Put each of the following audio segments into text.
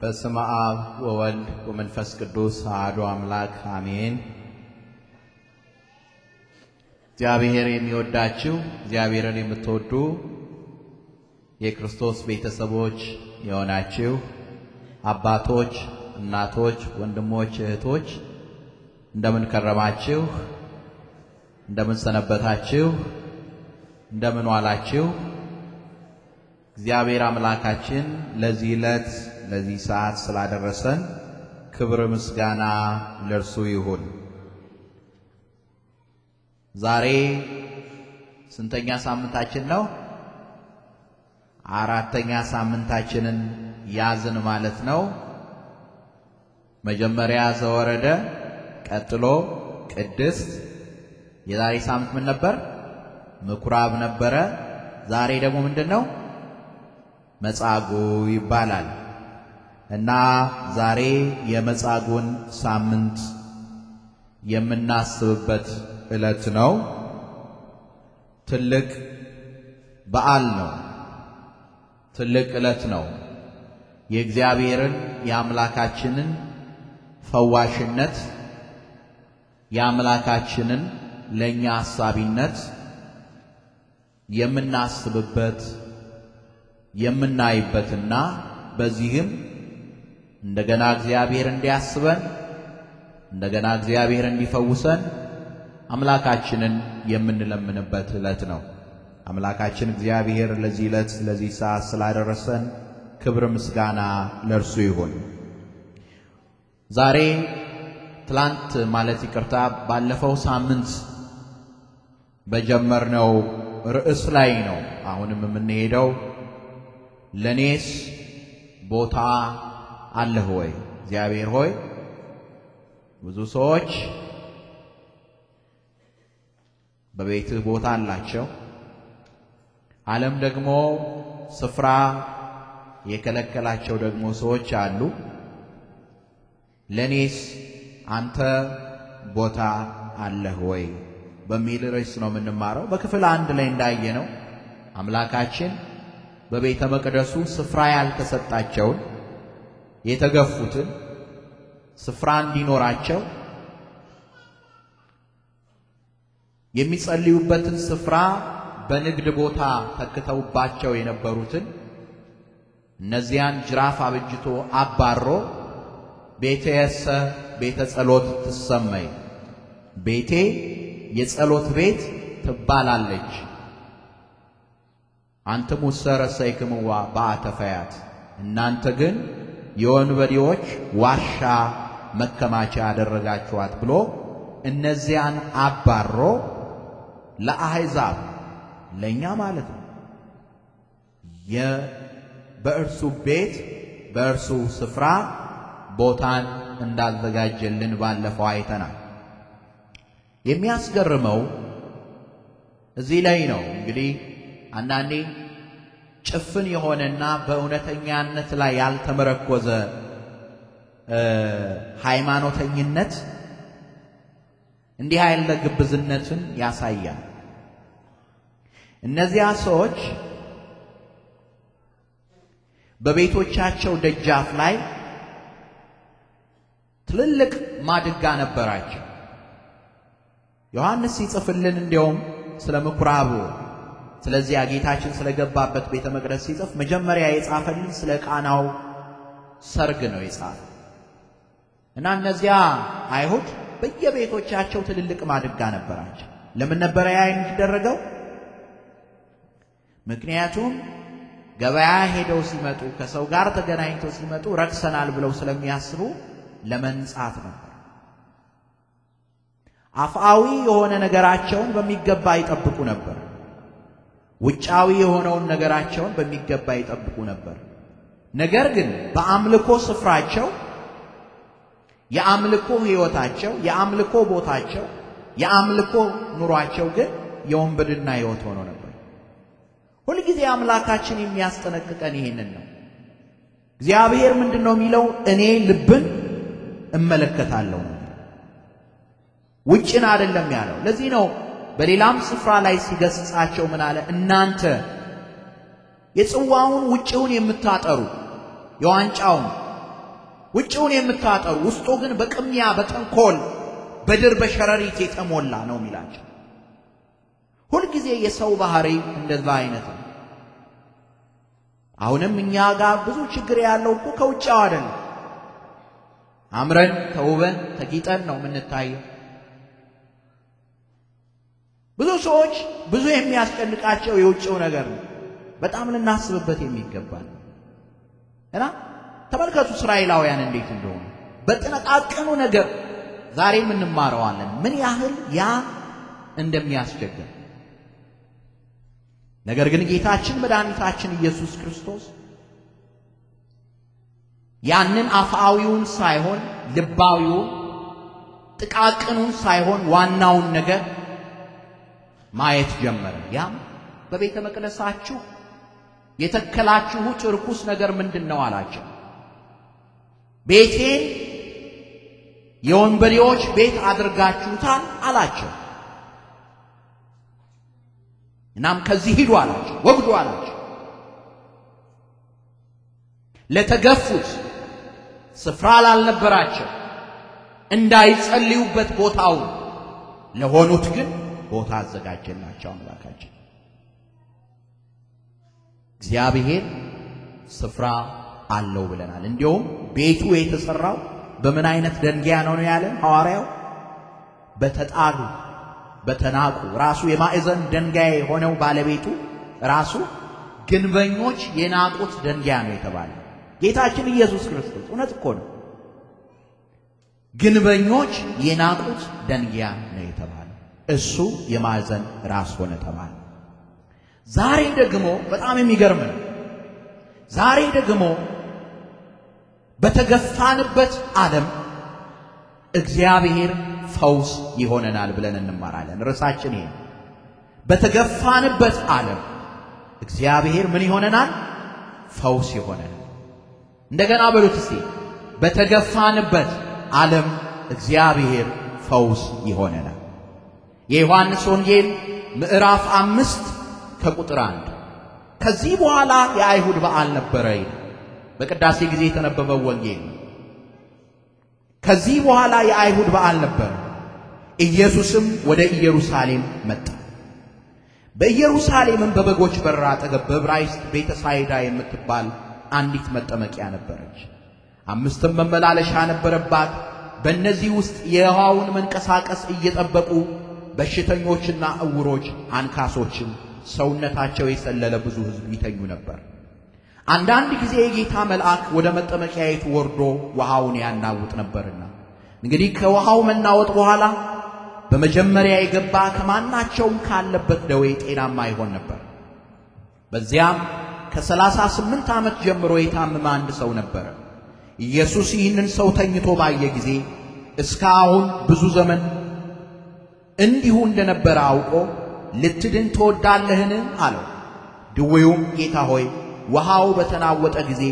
በስመ አብ ወወልድ ወመንፈስ ቅዱስ አሐዱ አምላክ አሜን። እግዚአብሔር የሚወዳችሁ እግዚአብሔርን የምትወዱ የክርስቶስ ቤተሰቦች የሆናችሁ አባቶች፣ እናቶች፣ ወንድሞች፣ እህቶች እንደምን ከረማችሁ? እንደምን ሰነበታችሁ? እንደምን ዋላችሁ? እግዚአብሔር አምላካችን ለዚህ ዕለት ለዚህ ሰዓት ስላደረሰን ክብር ምስጋና ለእርሱ ይሁን። ዛሬ ስንተኛ ሳምንታችን ነው? አራተኛ ሳምንታችንን ያዝን ማለት ነው። መጀመሪያ ዘወረደ፣ ቀጥሎ ቅድስት። የዛሬ ሳምንት ምን ነበር? ምኩራብ ነበረ። ዛሬ ደግሞ ምንድን ነው? መጻጉዕ ይባላል። እና ዛሬ የመጻጉን ሳምንት የምናስብበት ዕለት ነው። ትልቅ በዓል ነው። ትልቅ ዕለት ነው። የእግዚአብሔርን የአምላካችንን ፈዋሽነት የአምላካችንን ለእኛ አሳቢነት የምናስብበት የምናይበትና በዚህም እንደገና እግዚአብሔር እንዲያስበን እንደገና እግዚአብሔር እንዲፈውሰን አምላካችንን የምንለምንበት ዕለት ነው። አምላካችን እግዚአብሔር ለዚህ ዕለት ለዚህ ሰዓት ስላደረሰን ክብር ምስጋና ለእርሱ ይሁን። ዛሬ ትላንት ማለት ይቅርታ፣ ባለፈው ሳምንት በጀመርነው ርዕስ ላይ ነው አሁንም የምንሄደው ለኔስ ቦታ አለህ ወይ? እግዚአብሔር ሆይ ብዙ ሰዎች በቤትህ ቦታ አላቸው። ዓለም ደግሞ ስፍራ የከለከላቸው ደግሞ ሰዎች አሉ። ለእኔስ አንተ ቦታ አለህ ወይ በሚል ርዕስ ነው የምንማረው። በክፍል አንድ ላይ እንዳየነው አምላካችን በቤተ መቅደሱ ስፍራ ያልተሰጣቸውን የተገፉትን ስፍራ እንዲኖራቸው የሚጸልዩበትን ስፍራ በንግድ ቦታ ተክተውባቸው የነበሩትን እነዚያን ጅራፍ አብጅቶ አባሮ ቤተ የሰ ቤተ ጸሎት ትሰመይ ቤቴ የጸሎት ቤት ትባላለች። ሙሰረ ረሰይክምዋ በአተፈያት እናንተ ግን የወንበዴዎች ዋሻ መከማቻ ያደረጋችኋት ብሎ እነዚያን አባሮ ለአሕዛብ ለእኛ ማለት ነው በእርሱ ቤት በእርሱ ስፍራ ቦታን እንዳዘጋጀልን ባለፈው አይተናል። የሚያስገርመው እዚህ ላይ ነው። እንግዲህ አንዳንዴ ጭፍን የሆነና በእውነተኛነት ላይ ያልተመረኮዘ ሃይማኖተኝነት እንዲህ ያለ ግብዝነትን ያሳያል። እነዚያ ሰዎች በቤቶቻቸው ደጃፍ ላይ ትልልቅ ማድጋ ነበራቸው። ዮሐንስ ሲጽፍልን እንዲያውም ስለ ምኩራቡ ስለዚህ ጌታችን ስለገባበት ቤተ መቅደስ ሲጽፍ መጀመሪያ የጻፈልን ስለ ቃናው ሰርግ ነው የጻፈ እና እነዚያ አይሁድ በየቤቶቻቸው ትልልቅ ማድጋ ነበራቸው። ለምን ነበረ ያ የሚደረገው? ምክንያቱም ገበያ ሄደው ሲመጡ ከሰው ጋር ተገናኝተው ሲመጡ ረክሰናል ብለው ስለሚያስቡ ለመንጻት ነበር። አፍአዊ የሆነ ነገራቸውን በሚገባ ይጠብቁ ነበር። ውጫዊ የሆነውን ነገራቸውን በሚገባ ይጠብቁ ነበር። ነገር ግን በአምልኮ ስፍራቸው የአምልኮ ሕይወታቸው፣ የአምልኮ ቦታቸው፣ የአምልኮ ኑሯቸው ግን የወንበድና ሕይወት ሆኖ ነበር። ሁልጊዜ አምላካችን የሚያስጠነቅቀን ይህንን ነው። እግዚአብሔር ምንድን ነው የሚለው? እኔ ልብን እመለከታለሁ። ውጭን አይደለም ያለው። ለዚህ ነው በሌላም ስፍራ ላይ ሲገስጻቸው ምን አለ? እናንተ የጽዋውን ውጭውን የምታጠሩ የዋንጫውን ውጭውን የምታጠሩ ውስጡ ግን በቅሚያ በተንኮል በድር በሸረሪት የተሞላ ነው የሚላቸው። ሁልጊዜ የሰው ባህሪ እንደዛ አይነት ነው። አሁንም እኛ ጋር ብዙ ችግር ያለው እኮ ከውጭው አይደለም። አምረን ተውበን ተጊጠን ነው የምንታየው። ብዙ ሰዎች ብዙ የሚያስጨንቃቸው የውጭው ነገር ነው። በጣም ልናስብበት የሚገባል እና ተመልከቱ እስራኤላውያን እንዴት እንደሆኑ በጥነቃቅኑ ነገር ዛሬም እንማረዋለን፣ ምን ያህል ያ እንደሚያስቸግር። ነገር ግን ጌታችን መድኃኒታችን ኢየሱስ ክርስቶስ ያንን አፋዊውን ሳይሆን ልባዊውን ጥቃቅኑን ሳይሆን ዋናውን ነገር ማየት ጀመረ። ያም በቤተ መቅደሳችሁ የተከላችሁት ርኩስ ነገር ምንድን ነው አላቸው። ቤቴን የወንበዴዎች ቤት አድርጋችሁታል አላቸው። እናም ከዚህ ሂዱ አላቸው፣ ወግዱ አላቸው። ለተገፉት ስፍራ ላልነበራቸው እንዳይጸልዩበት ቦታው ለሆኑት ግን ቦታ አዘጋጀላቸው አምላካችን። እግዚአብሔር ስፍራ አለው ብለናል። እንዲሁም ቤቱ የተሰራው በምን አይነት ደንጊያ ነው ነው ያለን ሐዋርያው በተጣሉ በተናቁ ራሱ የማዕዘን ደንጋይ የሆነው ባለቤቱ ራሱ ግንበኞች የናቁት ደንጋይ ነው የተባለ ጌታችን ኢየሱስ ክርስቶስ እውነት እኮ ነው። ግንበኞች የናቁት ደንጋይ ነው የተባለ እሱ የማዕዘን ራስ ሆነ ተባለ። ዛሬ ደግሞ በጣም የሚገርም ነው። ዛሬ ደግሞ በተገፋንበት ዓለም እግዚአብሔር ፈውስ ይሆነናል ብለን እንማራለን። ርዕሳችን ይሄ በተገፋንበት ዓለም እግዚአብሔር ምን ይሆነናል? ፈውስ ይሆነናል። እንደገና በሉት እስቲ በተገፋንበት ዓለም እግዚአብሔር ፈውስ ይሆነናል። የዮሐንስ ወንጌል ምዕራፍ አምስት ከቁጥር አንድ ከዚህ በኋላ የአይሁድ በዓል ነበረ ይላል። በቅዳሴ ጊዜ የተነበበው ወንጌል ነው። ከዚህ በኋላ የአይሁድ በዓል ነበረ። ኢየሱስም ወደ ኢየሩሳሌም መጣ። በኢየሩሳሌምም በበጎች በር አጠገብ በዕብራይስጥ ቤተሳይዳ የምትባል አንዲት መጠመቂያ ነበረች። አምስትም መመላለሻ ነበረባት። በእነዚህ ውስጥ የውሃውን መንቀሳቀስ እየጠበቁ በሽተኞችና እውሮች አንካሶችም ሰውነታቸው የሰለለ ብዙ ሕዝብ ይተኙ ነበር። አንዳንድ ጊዜ የጌታ መልአክ ወደ መጠመቂያይቱ ወርዶ ውሃውን ያናውጥ ነበርና እንግዲህ ከውሃው መናወጥ በኋላ በመጀመሪያ የገባ ከማናቸውም ካለበት ደዌ ጤናማ ይሆን ነበር። በዚያም ከሰላሳ ስምንት ዓመት ጀምሮ የታመመ አንድ ሰው ነበረ። ኢየሱስ ይህንን ሰው ተኝቶ ባየ ጊዜ እስካሁን ብዙ ዘመን እንዲሁ እንደነበረ አውቆ ልትድን ትወዳለህን አለው። ድዌውም ጌታ ሆይ ውሃው በተናወጠ ጊዜ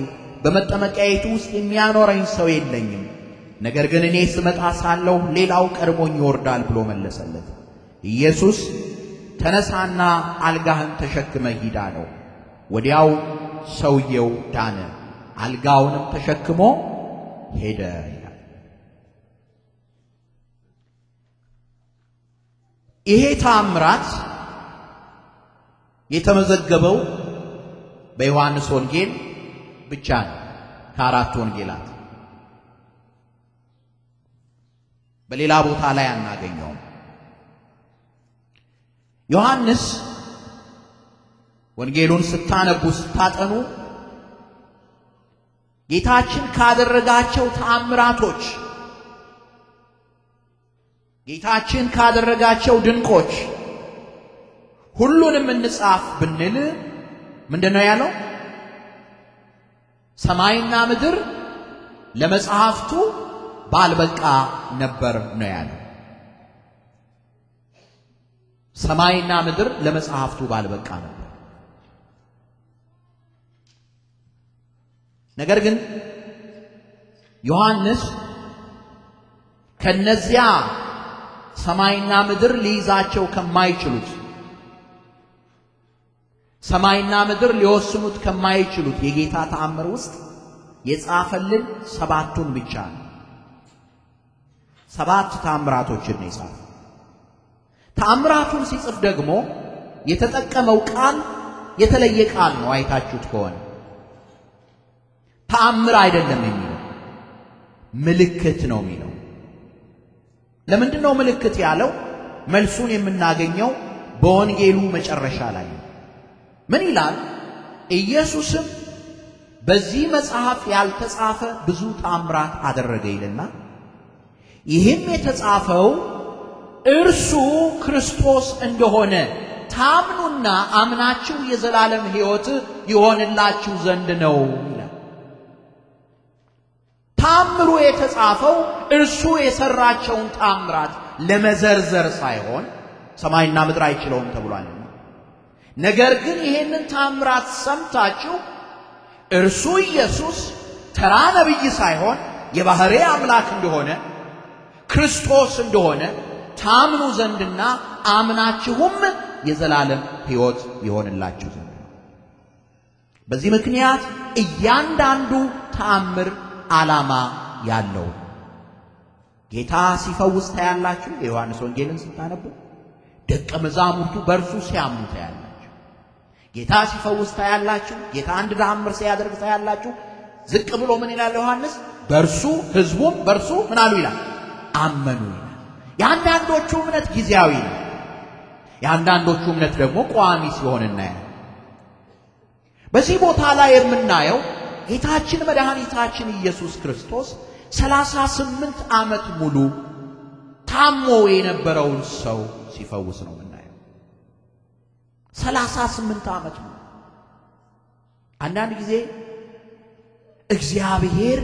በመጠመቂያይቱ ውስጥ የሚያኖረኝ ሰው የለኝም፣ ነገር ግን እኔ ስመጣ ሳለሁ ሌላው ቀድሞኝ ይወርዳል ብሎ መለሰለት። ኢየሱስ ተነሳና አልጋህን ተሸክመ ሂድ አለው። ወዲያው ሰውየው ዳነ፣ አልጋውንም ተሸክሞ ሄደ ይሄ ታምራት የተመዘገበው በዮሐንስ ወንጌል ብቻ ነው ከአራት ወንጌላት በሌላ ቦታ ላይ አናገኘውም። ዮሐንስ ወንጌሉን ስታነቡ ስታጠኑ ጌታችን ካደረጋቸው ተአምራቶች ጌታችን ካደረጋቸው ድንቆች ሁሉንም እንጻፍ ብንል ምንድን ነው ያለው? ሰማይና ምድር ለመጽሐፍቱ ባልበቃ ነበር ነው ያለው። ሰማይና ምድር ለመጽሐፍቱ ባልበቃ ነበር። ነገር ግን ዮሐንስ ከነዚያ ሰማይና ምድር ሊይዛቸው ከማይችሉት ሰማይና ምድር ሊወስኑት ከማይችሉት የጌታ ተአምር ውስጥ የጻፈልን ሰባቱን ብቻ ነው። ሰባት ተአምራቶችን ነው የጻፈ። ተአምራቱን ሲጽፍ ደግሞ የተጠቀመው ቃል የተለየ ቃል ነው። አይታችሁት ከሆነ ተአምር አይደለም የሚለው ምልክት ነው የሚለው ለምንድን ነው ምልክት ያለው? መልሱን የምናገኘው በወንጌሉ መጨረሻ ላይ ነው። ምን ይላል? ኢየሱስም በዚህ መጽሐፍ ያልተጻፈ ብዙ ታምራት አደረገ ይልና ይህም የተጻፈው እርሱ ክርስቶስ እንደሆነ ታምኑና አምናችሁ የዘላለም ሕይወት ይሆንላችሁ ዘንድ ነው። ታምሩ የተጻፈው እርሱ የሰራቸውን ታምራት ለመዘርዘር ሳይሆን ሰማይና ምድር አይችለውም ተብሏል። ነገር ግን ይሄንን ታምራት ሰምታችሁ እርሱ ኢየሱስ ተራ ነቢይ ሳይሆን የባህሬ አምላክ እንደሆነ ክርስቶስ እንደሆነ ታምኑ ዘንድና አምናችሁም የዘላለም ሕይወት ይሆንላችሁ ዘንድ ነው። በዚህ ምክንያት እያንዳንዱ ተአምር ዓላማ ያለው ጌታ ሲፈውስ ታያላችሁ። የዮሐንስ ወንጌልን ስታነቡ ደቀ መዛሙርቱ በእርሱ ሲያምኑ ታያላችሁ። ጌታ ሲፈውስ ታያላችሁ። ጌታ አንድ ተአምር ሲያደርግ ታያላችሁ። ዝቅ ብሎ ምን ይላል ዮሐንስ? በእርሱ ህዝቡም በእርሱ ምን አሉ ይላል? አመኑ ይላል። የአንዳንዶቹ እምነት ጊዜያዊ ነው። የአንዳንዶቹ እምነት ደግሞ ቋሚ ሲሆን እናያለን። በዚህ ቦታ ላይ የምናየው ጌታችን መድኃኒታችን ኢየሱስ ክርስቶስ ሰላሳ ስምንት ዓመት ሙሉ ታሞ የነበረውን ሰው ሲፈውስ ነው የምናየው። ሰላሳ ስምንት ዓመት ሙሉ አንዳንድ ጊዜ እግዚአብሔር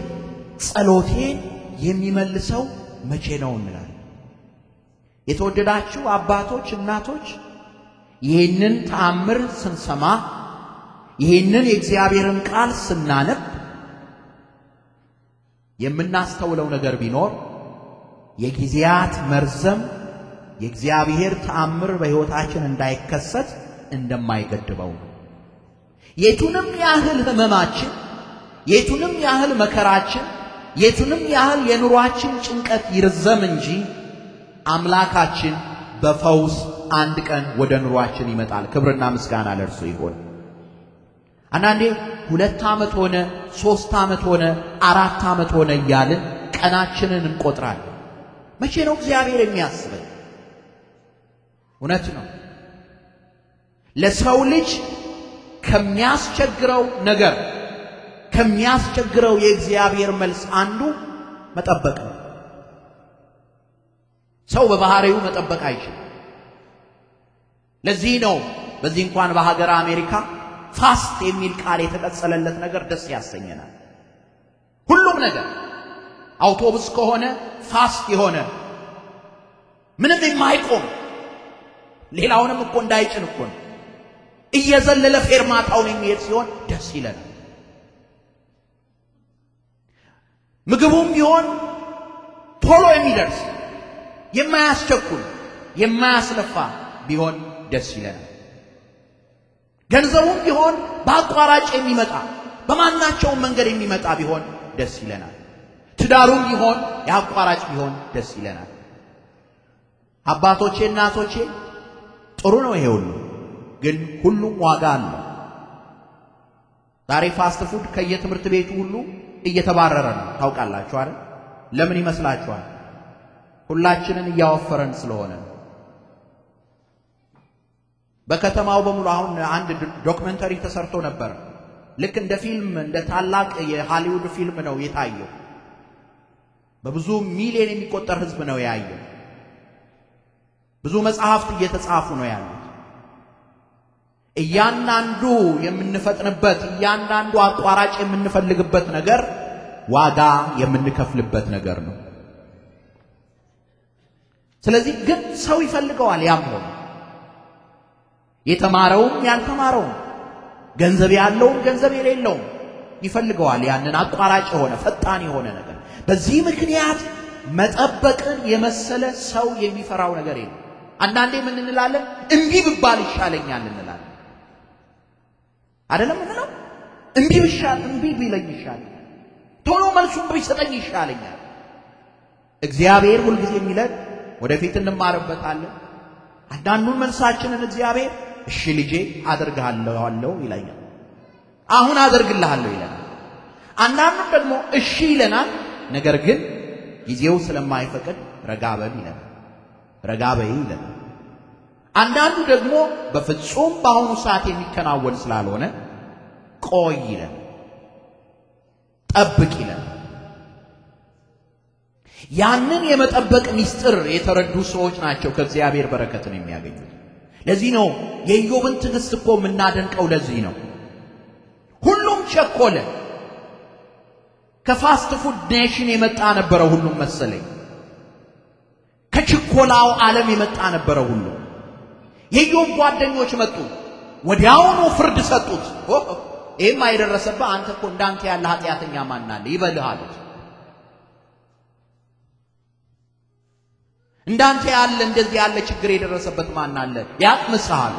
ጸሎቴን የሚመልሰው መቼ ነው እንላለን። የተወደዳችሁ አባቶች፣ እናቶች ይህንን ተአምር ስንሰማ ይህንን የእግዚአብሔርን ቃል ስናነብ የምናስተውለው ነገር ቢኖር የጊዜያት መርዘም የእግዚአብሔር ተአምር በሕይወታችን እንዳይከሰት እንደማይገድበው ነው። የቱንም ያህል ሕመማችን፣ የቱንም ያህል መከራችን፣ የቱንም ያህል የኑሯችን ጭንቀት ይርዘም እንጂ አምላካችን በፈውስ አንድ ቀን ወደ ኑሯችን ይመጣል። ክብርና ምስጋና ለእርሱ ይሆን። አንዳንዴ ሁለት ዓመት ሆነ፣ ሶስት ዓመት ሆነ፣ አራት ዓመት ሆነ እያልን ቀናችንን እንቆጥራለን። መቼ ነው እግዚአብሔር የሚያስበን? እውነት ነው። ለሰው ልጅ ከሚያስቸግረው ነገር ከሚያስቸግረው የእግዚአብሔር መልስ አንዱ መጠበቅ ነው። ሰው በባህሪው መጠበቅ አይችልም። ለዚህ ነው በዚህ እንኳን በሀገር አሜሪካ ፋስት የሚል ቃል የተቀጸለለት ነገር ደስ ያሰኘናል። ሁሉም ነገር አውቶቡስ ከሆነ ፋስት የሆነ ምንም የማይቆም ሌላውንም እኮ እንዳይጭን እኮ ነው እየዘለለ ፌርማታውን የሚሄድ ሲሆን ደስ ይለናል። ምግቡም ይሆን ቶሎ የሚደርስ የማያስቸኩል የማያስለፋ ቢሆን ደስ ይለናል። ገንዘቡም ቢሆን በአቋራጭ የሚመጣ በማናቸውም መንገድ የሚመጣ ቢሆን ደስ ይለናል። ትዳሩም ቢሆን የአቋራጭ ቢሆን ደስ ይለናል። አባቶቼ፣ እናቶቼ ጥሩ ነው ይሄ ሁሉ፣ ግን ሁሉም ዋጋ አለው። ዛሬ ፋስት ፉድ ከየትምህርት ቤቱ ሁሉ እየተባረረ ነው። ታውቃላችሁ አይደል? ለምን ይመስላችኋል? ሁላችንን እያወፈረን ስለሆነ በከተማው በሙሉ አሁን አንድ ዶክመንተሪ ተሰርቶ ነበር። ልክ እንደ ፊልም እንደ ታላቅ የሃሊውድ ፊልም ነው የታየው። በብዙ ሚሊዮን የሚቆጠር ህዝብ ነው ያየው። ብዙ መጽሐፍት እየተጻፉ ነው ያሉት። እያንዳንዱ የምንፈጥንበት፣ እያንዳንዱ አቋራጭ የምንፈልግበት ነገር ዋጋ የምንከፍልበት ነገር ነው። ስለዚህ ግን ሰው ይፈልገዋል ያም ሆነ የተማረውም ያልተማረውም ገንዘብ ያለውም ገንዘብ የሌለውም ይፈልገዋል ያንን አቋራጭ የሆነ ፈጣን የሆነ ነገር። በዚህ ምክንያት መጠበቅን የመሰለ ሰው የሚፈራው ነገር የለም። አንዳንዴ ምን እንላለን? እምቢ ብባል ይሻለኛል እንላለን። አይደለም እንለው እምቢ ብሻል እምቢ ቢለኝ ይሻለኛል፣ ቶሎ መልሱን ቢሰጠኝ ይሻለኛል። እግዚአብሔር ሁልጊዜ የሚለን ወደፊት እንማርበታለን። አንዳንዱን መልሳችንን እግዚአብሔር እሺ ልጄ አደርግሃለሁ ይለኛል። አሁን አደርግልሃለሁ ይለናል። አንዳንዱም ደግሞ እሺ ይለናል። ነገር ግን ጊዜው ስለማይፈቅድ ረጋበል ይለናል። ረጋበይ ይለናል። አንዳንዱ ደግሞ በፍጹም በአሁኑ ሰዓት የሚከናወን ስላልሆነ ቆይ ይለን፣ ጠብቅ ይለን። ያንን የመጠበቅ ምስጢር የተረዱ ሰዎች ናቸው ከእግዚአብሔር በረከትን የሚያገኙት። ለዚህ ነው የኢዮብን ትዕግስት እኮ የምናደንቀው። ለዚህ ነው ሁሉም ቸኮለ። ከፋስት ፉድ ኔሽን የመጣ ነበረ ሁሉም መሰለኝ። ከችኮላው ዓለም የመጣ ነበረ ሁሉም። የኢዮብ ጓደኞች መጡ፣ ወዲያውኑ ፍርድ ሰጡት። ይህም አይደረሰብህ አንተ እኮ እንዳንተ ያለ ኃጢአተኛ ማን አለ ይበልህ አሉት። እንዳንተ ያለ እንደዚህ ያለ ችግር የደረሰበት ማን አለ? ያቅምስሃል።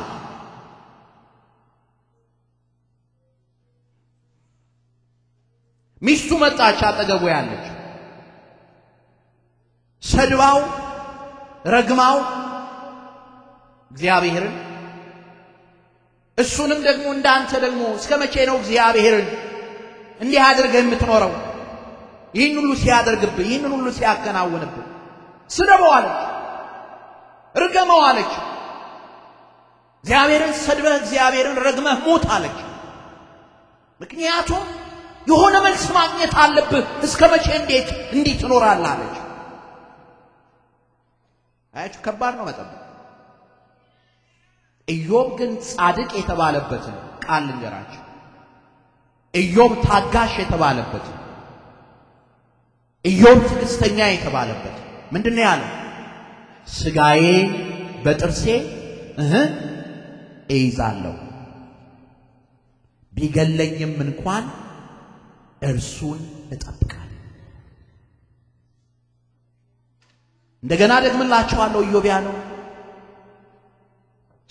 ሚስቱ መጣች፣ አጠገቡ ያለች ሰድባው ረግማው እግዚአብሔርን እሱንም ደግሞ እንዳንተ ደግሞ እስከ መቼ ነው እግዚአብሔርን እንዲህ አድርገህ የምትኖረው? ይህን ሁሉ ሲያደርግብህ፣ ይህን ሁሉ ሲያከናውንብህ ስደበው አለች፣ ርገመው አለች። እግዚአብሔርን ሰድበህ እግዚአብሔርን ረግመህ ሞት አለች። ምክንያቱም የሆነ መልስ ማግኘት አለብህ። እስከ መቼ እንዴት እንዲህ ትኖራለህ? አለች። አያችሁ፣ ከባድ ነው መጠበቅ። ኢዮብ ግን ጻድቅ የተባለበትን ቃል ልንገራችሁ። ኢዮብ ታጋሽ የተባለበትን፣ ኢዮብ ትዕግስተኛ የተባለበትን ምንድነው ያለው? ስጋዬ በጥርሴ እህ እይዛለሁ ቢገለኝም እንኳን እርሱን እጠብቃለሁ። እንደገና ደግምላችኋለሁ። ኢዮብያ ነው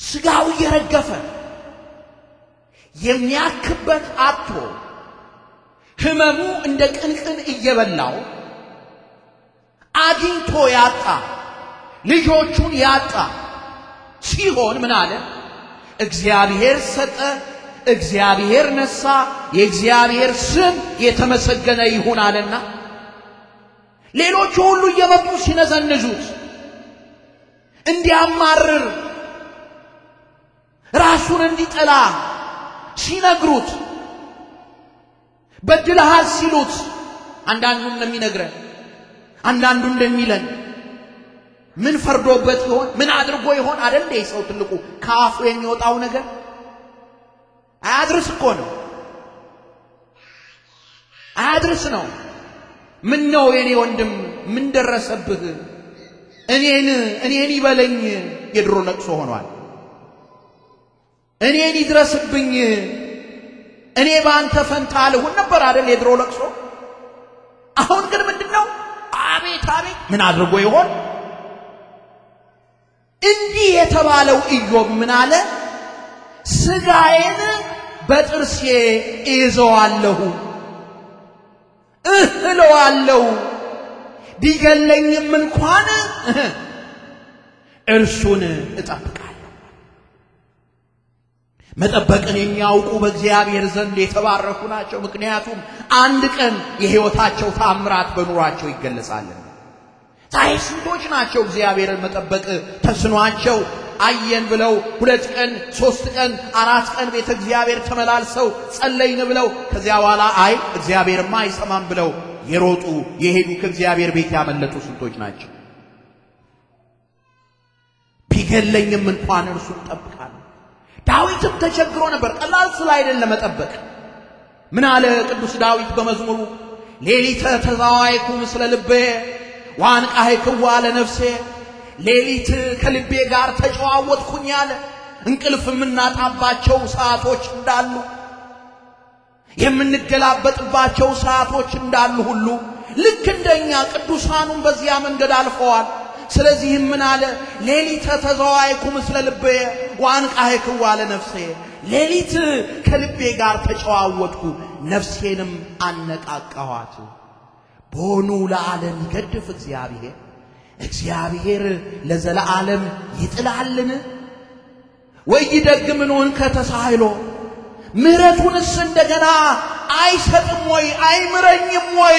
ስጋው እየረገፈ የሚያክበት አጥቶ ህመሙ እንደ ቅንቅን እየበላው አግኝቶ ያጣ ልጆቹን ያጣ ሲሆን ምን አለ? እግዚአብሔር ሰጠ፣ እግዚአብሔር ነሳ፣ የእግዚአብሔር ስም የተመሰገነ ይሁን አለና ሌሎቹ ሁሉ እየመጡ ሲነዘንዙት እንዲያማርር ራሱን እንዲጠላ ሲነግሩት በድልሃል ሲሉት አንዳንዱም ነው የሚነግረን አንዳንዱ እንደሚለን ምን ፈርዶበት ይሆን? ምን አድርጎ ይሆን? አደል እንዴ ሰው ትልቁ ከአፉ የሚወጣው ነገር አያድርስ እኮ ነው፣ አያድርስ ነው። ምን ነው የኔ ወንድም ምን ደረሰብህ? እኔን እኔን ይበለኝ የድሮ ለቅሶ ሆኗል። እኔን ይድረስብኝ እኔ በአንተ ፈንታ አልሁን ነበር አደል የድሮ ለቅሶ። አሁን ግን ምንድነው? አቤት አቤት ምን አድርጎ ይሆን? እንዲህ የተባለው ኢዮብ ምን አለ? ስጋዬን በጥርሴ እይዘዋለሁ፣ እህለዋለሁ፣ ቢገለኝም እንኳን እርሱን እጠብቃለሁ። መጠበቅን የሚያውቁ በእግዚአብሔር ዘንድ የተባረኩ ናቸው፣ ምክንያቱም አንድ ቀን የሕይወታቸው ታምራት በኑሯቸው ይገለጻልን። ታይ ስንቶች ናቸው እግዚአብሔርን መጠበቅ ተስኗቸው አየን ብለው ሁለት ቀን ሶስት ቀን አራት ቀን ቤተ እግዚአብሔር ተመላልሰው ጸለይን ብለው ከዚያ በኋላ አይ እግዚአብሔርማ አይሰማም ብለው የሮጡ የሄዱ ከእግዚአብሔር ቤት ያመለጡ ስንቶች ናቸው። ቢገለኝም እንኳን እርሱን ጠብቅ ዳዊትም ተቸግሮ ነበር። ቀላል ስለ አይደለም መጠበቅ። ምን አለ ቅዱስ ዳዊት በመዝሙሩ ሌሊተ ተዛዋይኩ ምስለ ልቤ ዋንቃህይክዋ ለነፍሴ ሌሊት ከልቤ ጋር ተጨዋወትኩኝ አለ። እንቅልፍ የምናጣባቸው ሰዓቶች እንዳሉ የምንገላበጥባቸው ሰዓቶች እንዳሉ ሁሉ ልክ እንደኛ ቅዱሳኑን በዚያ መንገድ አልፈዋል። ስለዚህም ምን አለ? ሌሊተ ተዘዋይኩ ምስለ ልቤ ወአንቃሕክው ዋለ ነፍሴ። ሌሊት ከልቤ ጋር ተጨዋወጥኩ ነፍሴንም አነቃቃኋት። በሆኑ ለዓለም ይገድፍ እግዚአብሔር እግዚአብሔር ለዘለዓለም ይጥላልን? ወኢይደግም እንሆን ከተሳህሎ ምሕረቱንስ እንደገና አይሰጥም ወይ አይምረኝም ወይ?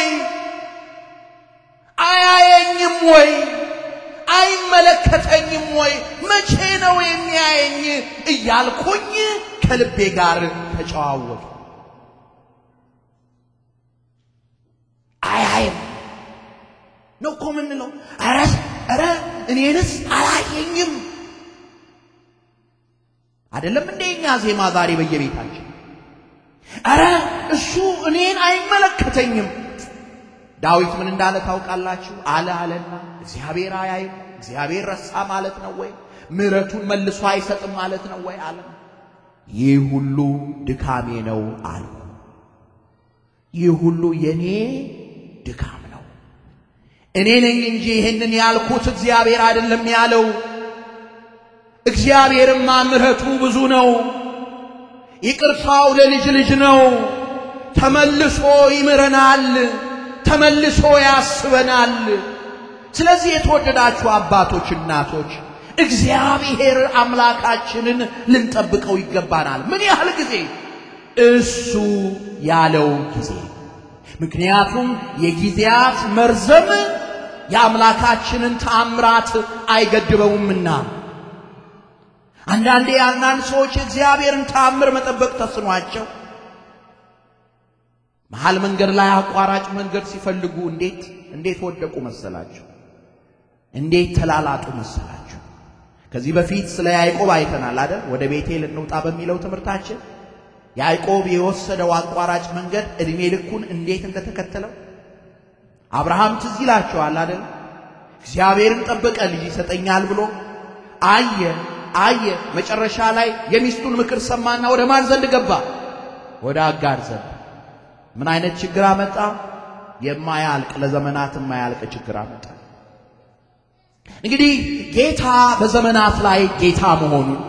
እያልኩኝ ከልቤ ጋር ተጨዋወቱ። አያይም ነው እኮ የምንለው። ኧረ ኧረ እኔንስ አላየኝም አይደለም እኛ ዜማ ዛሬ በየቤታችን ኧረ እሱ እኔን አይመለከተኝም። ዳዊት ምን እንዳለ ታውቃላችሁ? አለ አለና እግዚአብሔር አያይም እግዚአብሔር ረሳ ማለት ነው ወይ? ምሕረቱን መልሶ አይሰጥም ማለት ነው ወይ አለ። ይህ ሁሉ ድካሜ ነው አለ። ይህ ሁሉ የኔ ድካም ነው። እኔ ነኝ እንጂ ይህንን ያልኩት እግዚአብሔር አይደለም ያለው። እግዚአብሔርማ ምሕረቱ ብዙ ነው፣ ይቅርታው ለልጅ ልጅ ነው። ተመልሶ ይምረናል፣ ተመልሶ ያስበናል። ስለዚህ የተወደዳችሁ አባቶች፣ እናቶች እግዚአብሔር አምላካችንን ልንጠብቀው ይገባናል። ምን ያህል ጊዜ? እሱ ያለው ጊዜ። ምክንያቱም የጊዜያት መርዘም የአምላካችንን ተአምራት አይገድበውምና። አንዳንዴ አንዳንድ ሰዎች እግዚአብሔርን ተአምር መጠበቅ ተስኗቸው መሃል መንገድ ላይ አቋራጭ መንገድ ሲፈልጉ እንዴት እንዴት ወደቁ መሰላቸው? እንዴት ተላላጡ መሰላቸው? ከዚህ በፊት ስለ ያዕቆብ አይተናል አይደል? ወደ ቤቴል እንውጣ በሚለው ትምህርታችን ያዕቆብ የወሰደው አቋራጭ መንገድ እድሜ ልኩን እንዴት እንደተከተለው አብርሃም ትዝ ይላቸዋል አይደል? እግዚአብሔርን ጠበቀ፣ ልጅ ይሰጠኛል ብሎ አየ አየ። መጨረሻ ላይ የሚስቱን ምክር ሰማና ወደ ማን ዘንድ ገባ? ወደ አጋር ዘንድ። ምን አይነት ችግር አመጣ? የማያልቅ ለዘመናት የማያልቅ ችግር አመጣ። እንግዲህ ጌታ በዘመናት ላይ ጌታ መሆኑን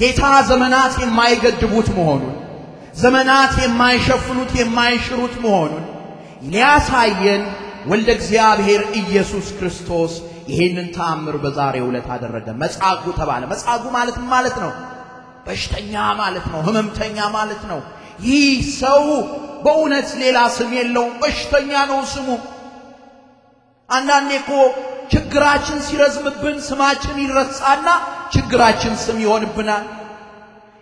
ጌታ ዘመናት የማይገድቡት መሆኑን ዘመናት የማይሸፍኑት የማይሽሩት መሆኑን ሊያሳየን ወልደ እግዚአብሔር ኢየሱስ ክርስቶስ ይሄንን ተአምር በዛሬው ዕለት አደረገ። መጻጉ ተባለ። መጻጉ ማለት ማለት ነው፣ በሽተኛ ማለት ነው፣ ህመምተኛ ማለት ነው። ይህ ሰው በእውነት ሌላ ስም የለውም። በሽተኛ ነው ስሙ። አንዳንዴ እኮ ችግራችን ሲረዝምብን ስማችን ይረሳና ችግራችን ስም ይሆንብናል።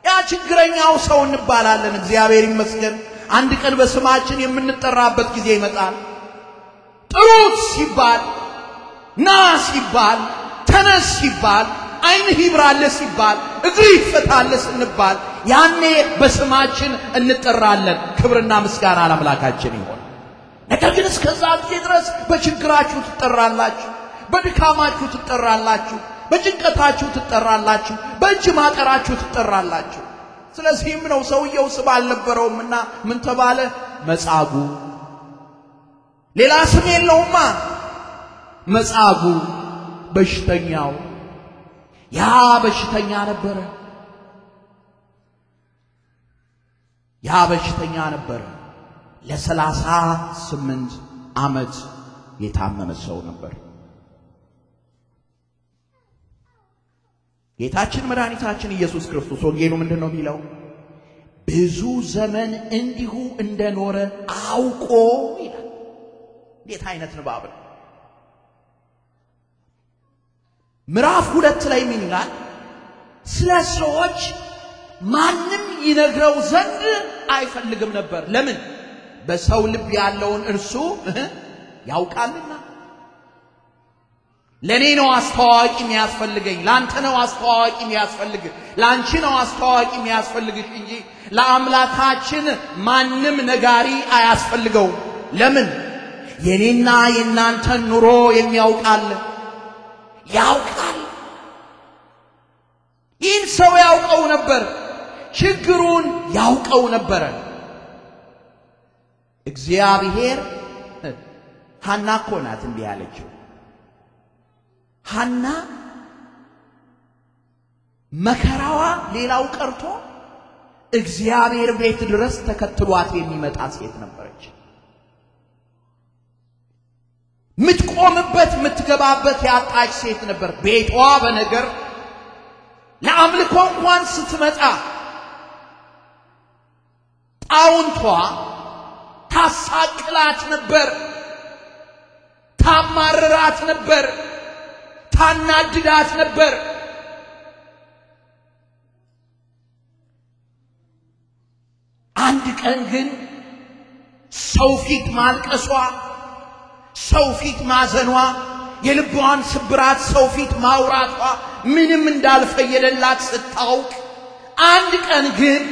ያ ችግረኛው ሰው እንባላለን። እግዚአብሔር ይመስገን አንድ ቀን በስማችን የምንጠራበት ጊዜ ይመጣል። ጥሩ ሲባል፣ ና ሲባል፣ ተነስ ሲባል፣ ዓይንህ ይብራለህ ሲባል፣ እግር ይፈታለህ ስንባል፣ ያኔ በስማችን እንጠራለን። ክብርና ምስጋና ለአምላካችን ይሁን። ነገር ግን እስከዛ ጊዜ ድረስ በችግራችሁ ትጠራላችሁ፣ በድካማችሁ ትጠራላችሁ፣ በጭንቀታችሁ ትጠራላችሁ፣ በእጅ ማጠራችሁ ትጠራላችሁ። ስለዚህም ነው ሰውየው ስም አልነበረውምና ምን ተባለ? መጻጉ ሌላ ስም የለውማ። መጻጉ በሽተኛው። ያ በሽተኛ ነበረ፣ ያ በሽተኛ ነበረ። ለሰላሳ ስምንት ዓመት የታመመ ሰው ነበር። ጌታችን መድኃኒታችን ኢየሱስ ክርስቶስ ወንጌሉ ምንድን ነው የሚለው? ብዙ ዘመን እንዲሁ እንደኖረ አውቆ ይላል። እንዴት አይነት ንባብ ነው! ምዕራፍ ሁለት ላይ ምን ይላል? ስለ ሰዎች ማንም ይነግረው ዘንድ አይፈልግም ነበር። ለምን? በሰው ልብ ያለውን እርሱ ያውቃልና። ለእኔ ነው አስተዋዋቂ የሚያስፈልገኝ፣ ለአንተ ነው አስተዋዋቂ የሚያስፈልግህ፣ ለአንቺ ነው አስተዋዋቂ የሚያስፈልግሽ እንጂ ለአምላካችን ማንም ነጋሪ አያስፈልገውም። ለምን? የኔና የእናንተን ኑሮ የሚያውቃል ያውቃል። ይህን ሰው ያውቀው ነበር፣ ችግሩን ያውቀው ነበረ። እግዚአብሔር ሐና እኮ ናት እንዲህ ያለችው። ሐና መከራዋ ሌላው ቀርቶ እግዚአብሔር ቤት ድረስ ተከትሏት የሚመጣ ሴት ነበረች። የምትቆምበት የምትገባበት ያጣች ሴት ነበር። ቤቷ በነገር ለአምልኮ እንኳን ስትመጣ ጣውንቷ ታሳቅላት ነበር፣ ታማርራት ነበር፣ ታናድዳት ነበር። አንድ ቀን ግን ሰው ፊት ማልቀሷ፣ ሰው ፊት ማዘኗ፣ የልቧን ስብራት ሰው ፊት ማውራቷ ምንም እንዳልፈየደላት ስታውቅ አንድ ቀን ግን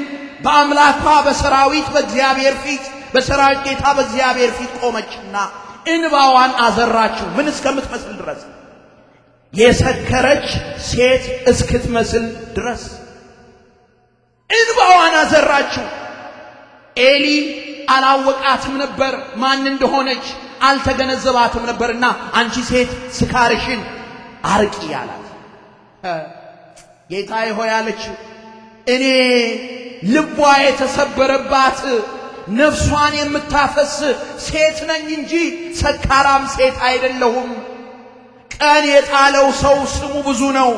በአምላኳ በሰራዊት በእግዚአብሔር ፊት በሰራዊት ጌታ በእግዚአብሔር ፊት ቆመችና እንባዋን አዘራችው። ምን እስከምትመስል ድረስ የሰከረች ሴት እስክትመስል ድረስ እንባዋን አዘራችው። ኤሊ አላወቃትም ነበር ማን እንደሆነች አልተገነዘባትም ነበርና አንቺ ሴት ስካርሽን አርቂ ያላት ጌታ ሆይ እኔ ልቧ የተሰበረባት ነፍሷን የምታፈስ ሴት ነኝ እንጂ ሰካራም ሴት አይደለሁም። ቀን የጣለው ሰው ስሙ ብዙ ነው።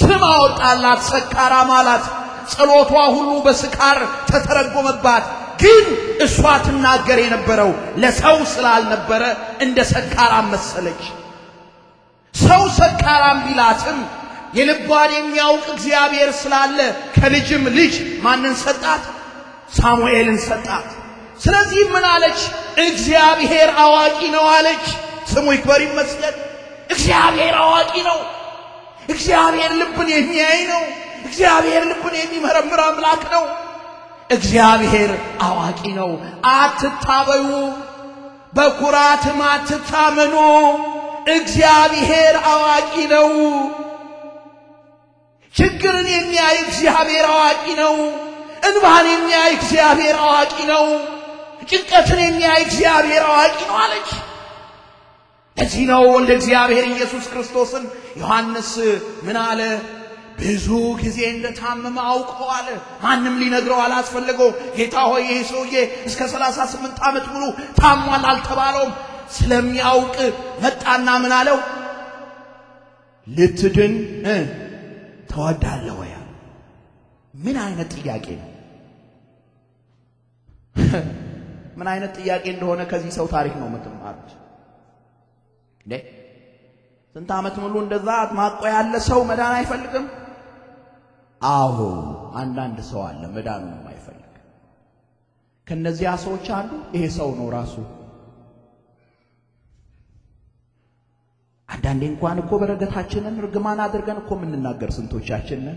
ስም አወጣላት፣ ሰካራም አላት። ጸሎቷ ሁሉ በስካር ተተረጎመባት። ግን እሷ ትናገር የነበረው ለሰው ስላልነበረ እንደ ሰካራም መሰለች። ሰው ሰካራም ቢላትም የልቧን የሚያውቅ እግዚአብሔር ስላለ ከልጅም ልጅ ማንን ሰጣት? ሳሙኤልን ሰጣት። ስለዚህ ምን አለች? እግዚአብሔር አዋቂ ነው አለች። ስሙ ይክበር ይመስገን። እግዚአብሔር አዋቂ ነው። እግዚአብሔር ልብን የሚያይ ነው። እግዚአብሔር ልብን የሚመረምር አምላክ ነው። እግዚአብሔር አዋቂ ነው። አትታበዩ፣ በኩራትም አትታመኑ። እግዚአብሔር አዋቂ ነው። ችግርን የሚያይ እግዚአብሔር አዋቂ ነው። እንባን የሚያይ እግዚአብሔር አዋቂ ነው፣ ጭንቀትን የሚያይ እግዚአብሔር አዋቂ ነው አለች። ለዚህ ነው እንደ እግዚአብሔር ኢየሱስ ክርስቶስን ዮሐንስ ምን አለ? ብዙ ጊዜ እንደታመመ አውቀው አለ። ማንም ሊነግረው አላስፈለገው። ጌታ ሆይ ይህ ሰውዬ እስከ ሰላሳ ስምንት ዓመት ሙሉ ታሟል አልተባለውም። ስለሚያውቅ መጣና ምን አለው? ልትድን ተወዳለህ ወይ? ምን አይነት ጥያቄ ነው? ምን አይነት ጥያቄ እንደሆነ ከዚህ ሰው ታሪክ ነው የምትማሩት። እንዴ ስንት ዓመት ሙሉ እንደዛ አጥማቆ ያለ ሰው መዳን አይፈልግም? አዎ አንዳንድ ሰው አለ መዳኑን የማይፈልግ ከነዚያ ሰዎች አሉ ይሄ ሰው ነው ራሱ። አንዳንዴ እንኳን እኮ በረገታችንን እርግማን አድርገን እኮ የምንናገር ስንቶቻችንን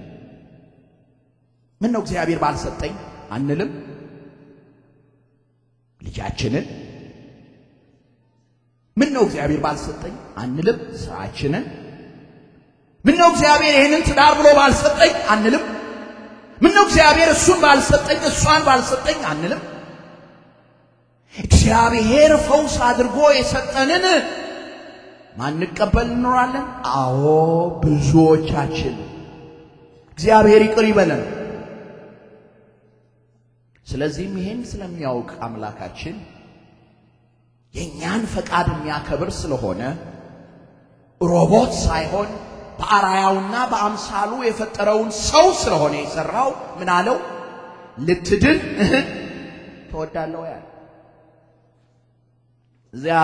ምን ነው እግዚአብሔር ባልሰጠኝ አንልም። ልጃችንን ምን ነው እግዚአብሔር ባልሰጠኝ አንልም። ስራችንን ምን ነው እግዚአብሔር ይህንን ትዳር ብሎ ባልሰጠኝ አንልም። ምን ነው እግዚአብሔር እሱን ባልሰጠኝ እሷን ባልሰጠኝ አንልም። እግዚአብሔር ፈውስ አድርጎ የሰጠንን ማንቀበል እንኖራለን። አዎ ብዙዎቻችን እግዚአብሔር ይቅር ይበለን። ስለዚህም ይሄን ስለሚያውቅ አምላካችን የእኛን ፈቃድ የሚያከብር ስለሆነ ሮቦት ሳይሆን በአራያውና በአምሳሉ የፈጠረውን ሰው ስለሆነ የሰራው ምን አለው? ልትድን ትወዳለው ያለ እዚያ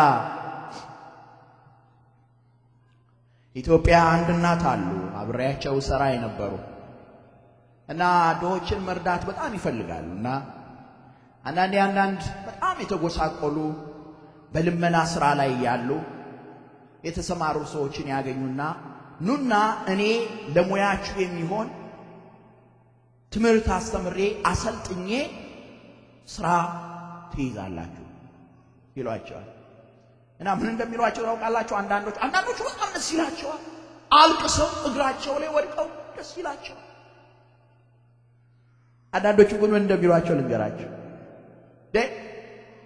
ኢትዮጵያ አንድ እናት አሉ አብሬያቸው ሰራ የነበሩ እና ድሆችን መርዳት በጣም ይፈልጋሉ እና አንዳንድ አንዳንድ በጣም የተጎሳቆሉ በልመና ስራ ላይ ያሉ የተሰማሩ ሰዎችን ያገኙና ኑና እኔ ለሙያችሁ የሚሆን ትምህርት አስተምሬ አሰልጥኜ ስራ ትይዛላችሁ ይሏቸዋል። እና ምን እንደሚሏቸው ታውቃላችሁ? አንዳንዶች አንዳንዶቹ በጣም ደስ ይላቸዋል። አልቅሰው እግራቸው ላይ ወድቀው ደስ ይላቸዋል። አንዳንዶቹ ግን እንደሚሏቸው ልንገራቸው።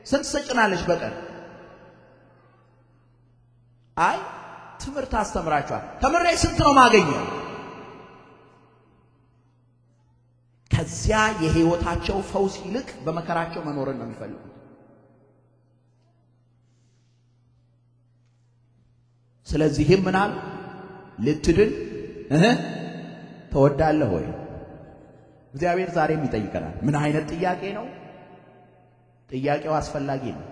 ስንት ሰጭናለች በቀን? አይ ትምህርት አስተምራችኋል። ተምሬ ስንት ነው ማገኘው? ከዚያ የህይወታቸው ፈውስ ይልቅ በመከራቸው መኖርን ነው የሚፈልጉት። ስለዚህም ምናል ልትድን እህ ተወዳለህ ወይ? እግዚአብሔር ዛሬም ይጠይቀናል። ምን አይነት ጥያቄ ነው? ጥያቄው አስፈላጊ ነው።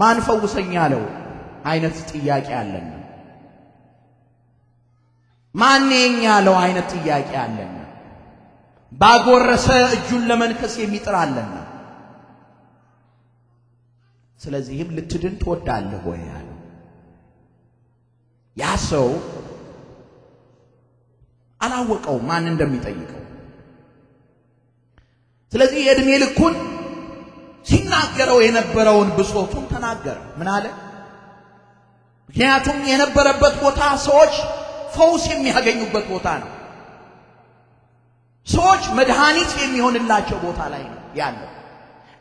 ማን ፈውሰኝ ያለው አይነት ጥያቄ አለና ማን የኛ አለው አይነት ጥያቄ አለና ባጎረሰ እጁን ለመንከስ የሚጥር አለና ስለዚህም ልትድን ትወዳለህ ወይ ያ ሰው አላወቀው ማን እንደሚጠይቀው። ስለዚህ የእድሜ ልኩን ሲናገረው የነበረውን ብሶቱን ተናገረ። ምን አለ? ምክንያቱም የነበረበት ቦታ ሰዎች ፈውስ የሚያገኙበት ቦታ ነው። ሰዎች መድኃኒት የሚሆንላቸው ቦታ ላይ ነው ያለው።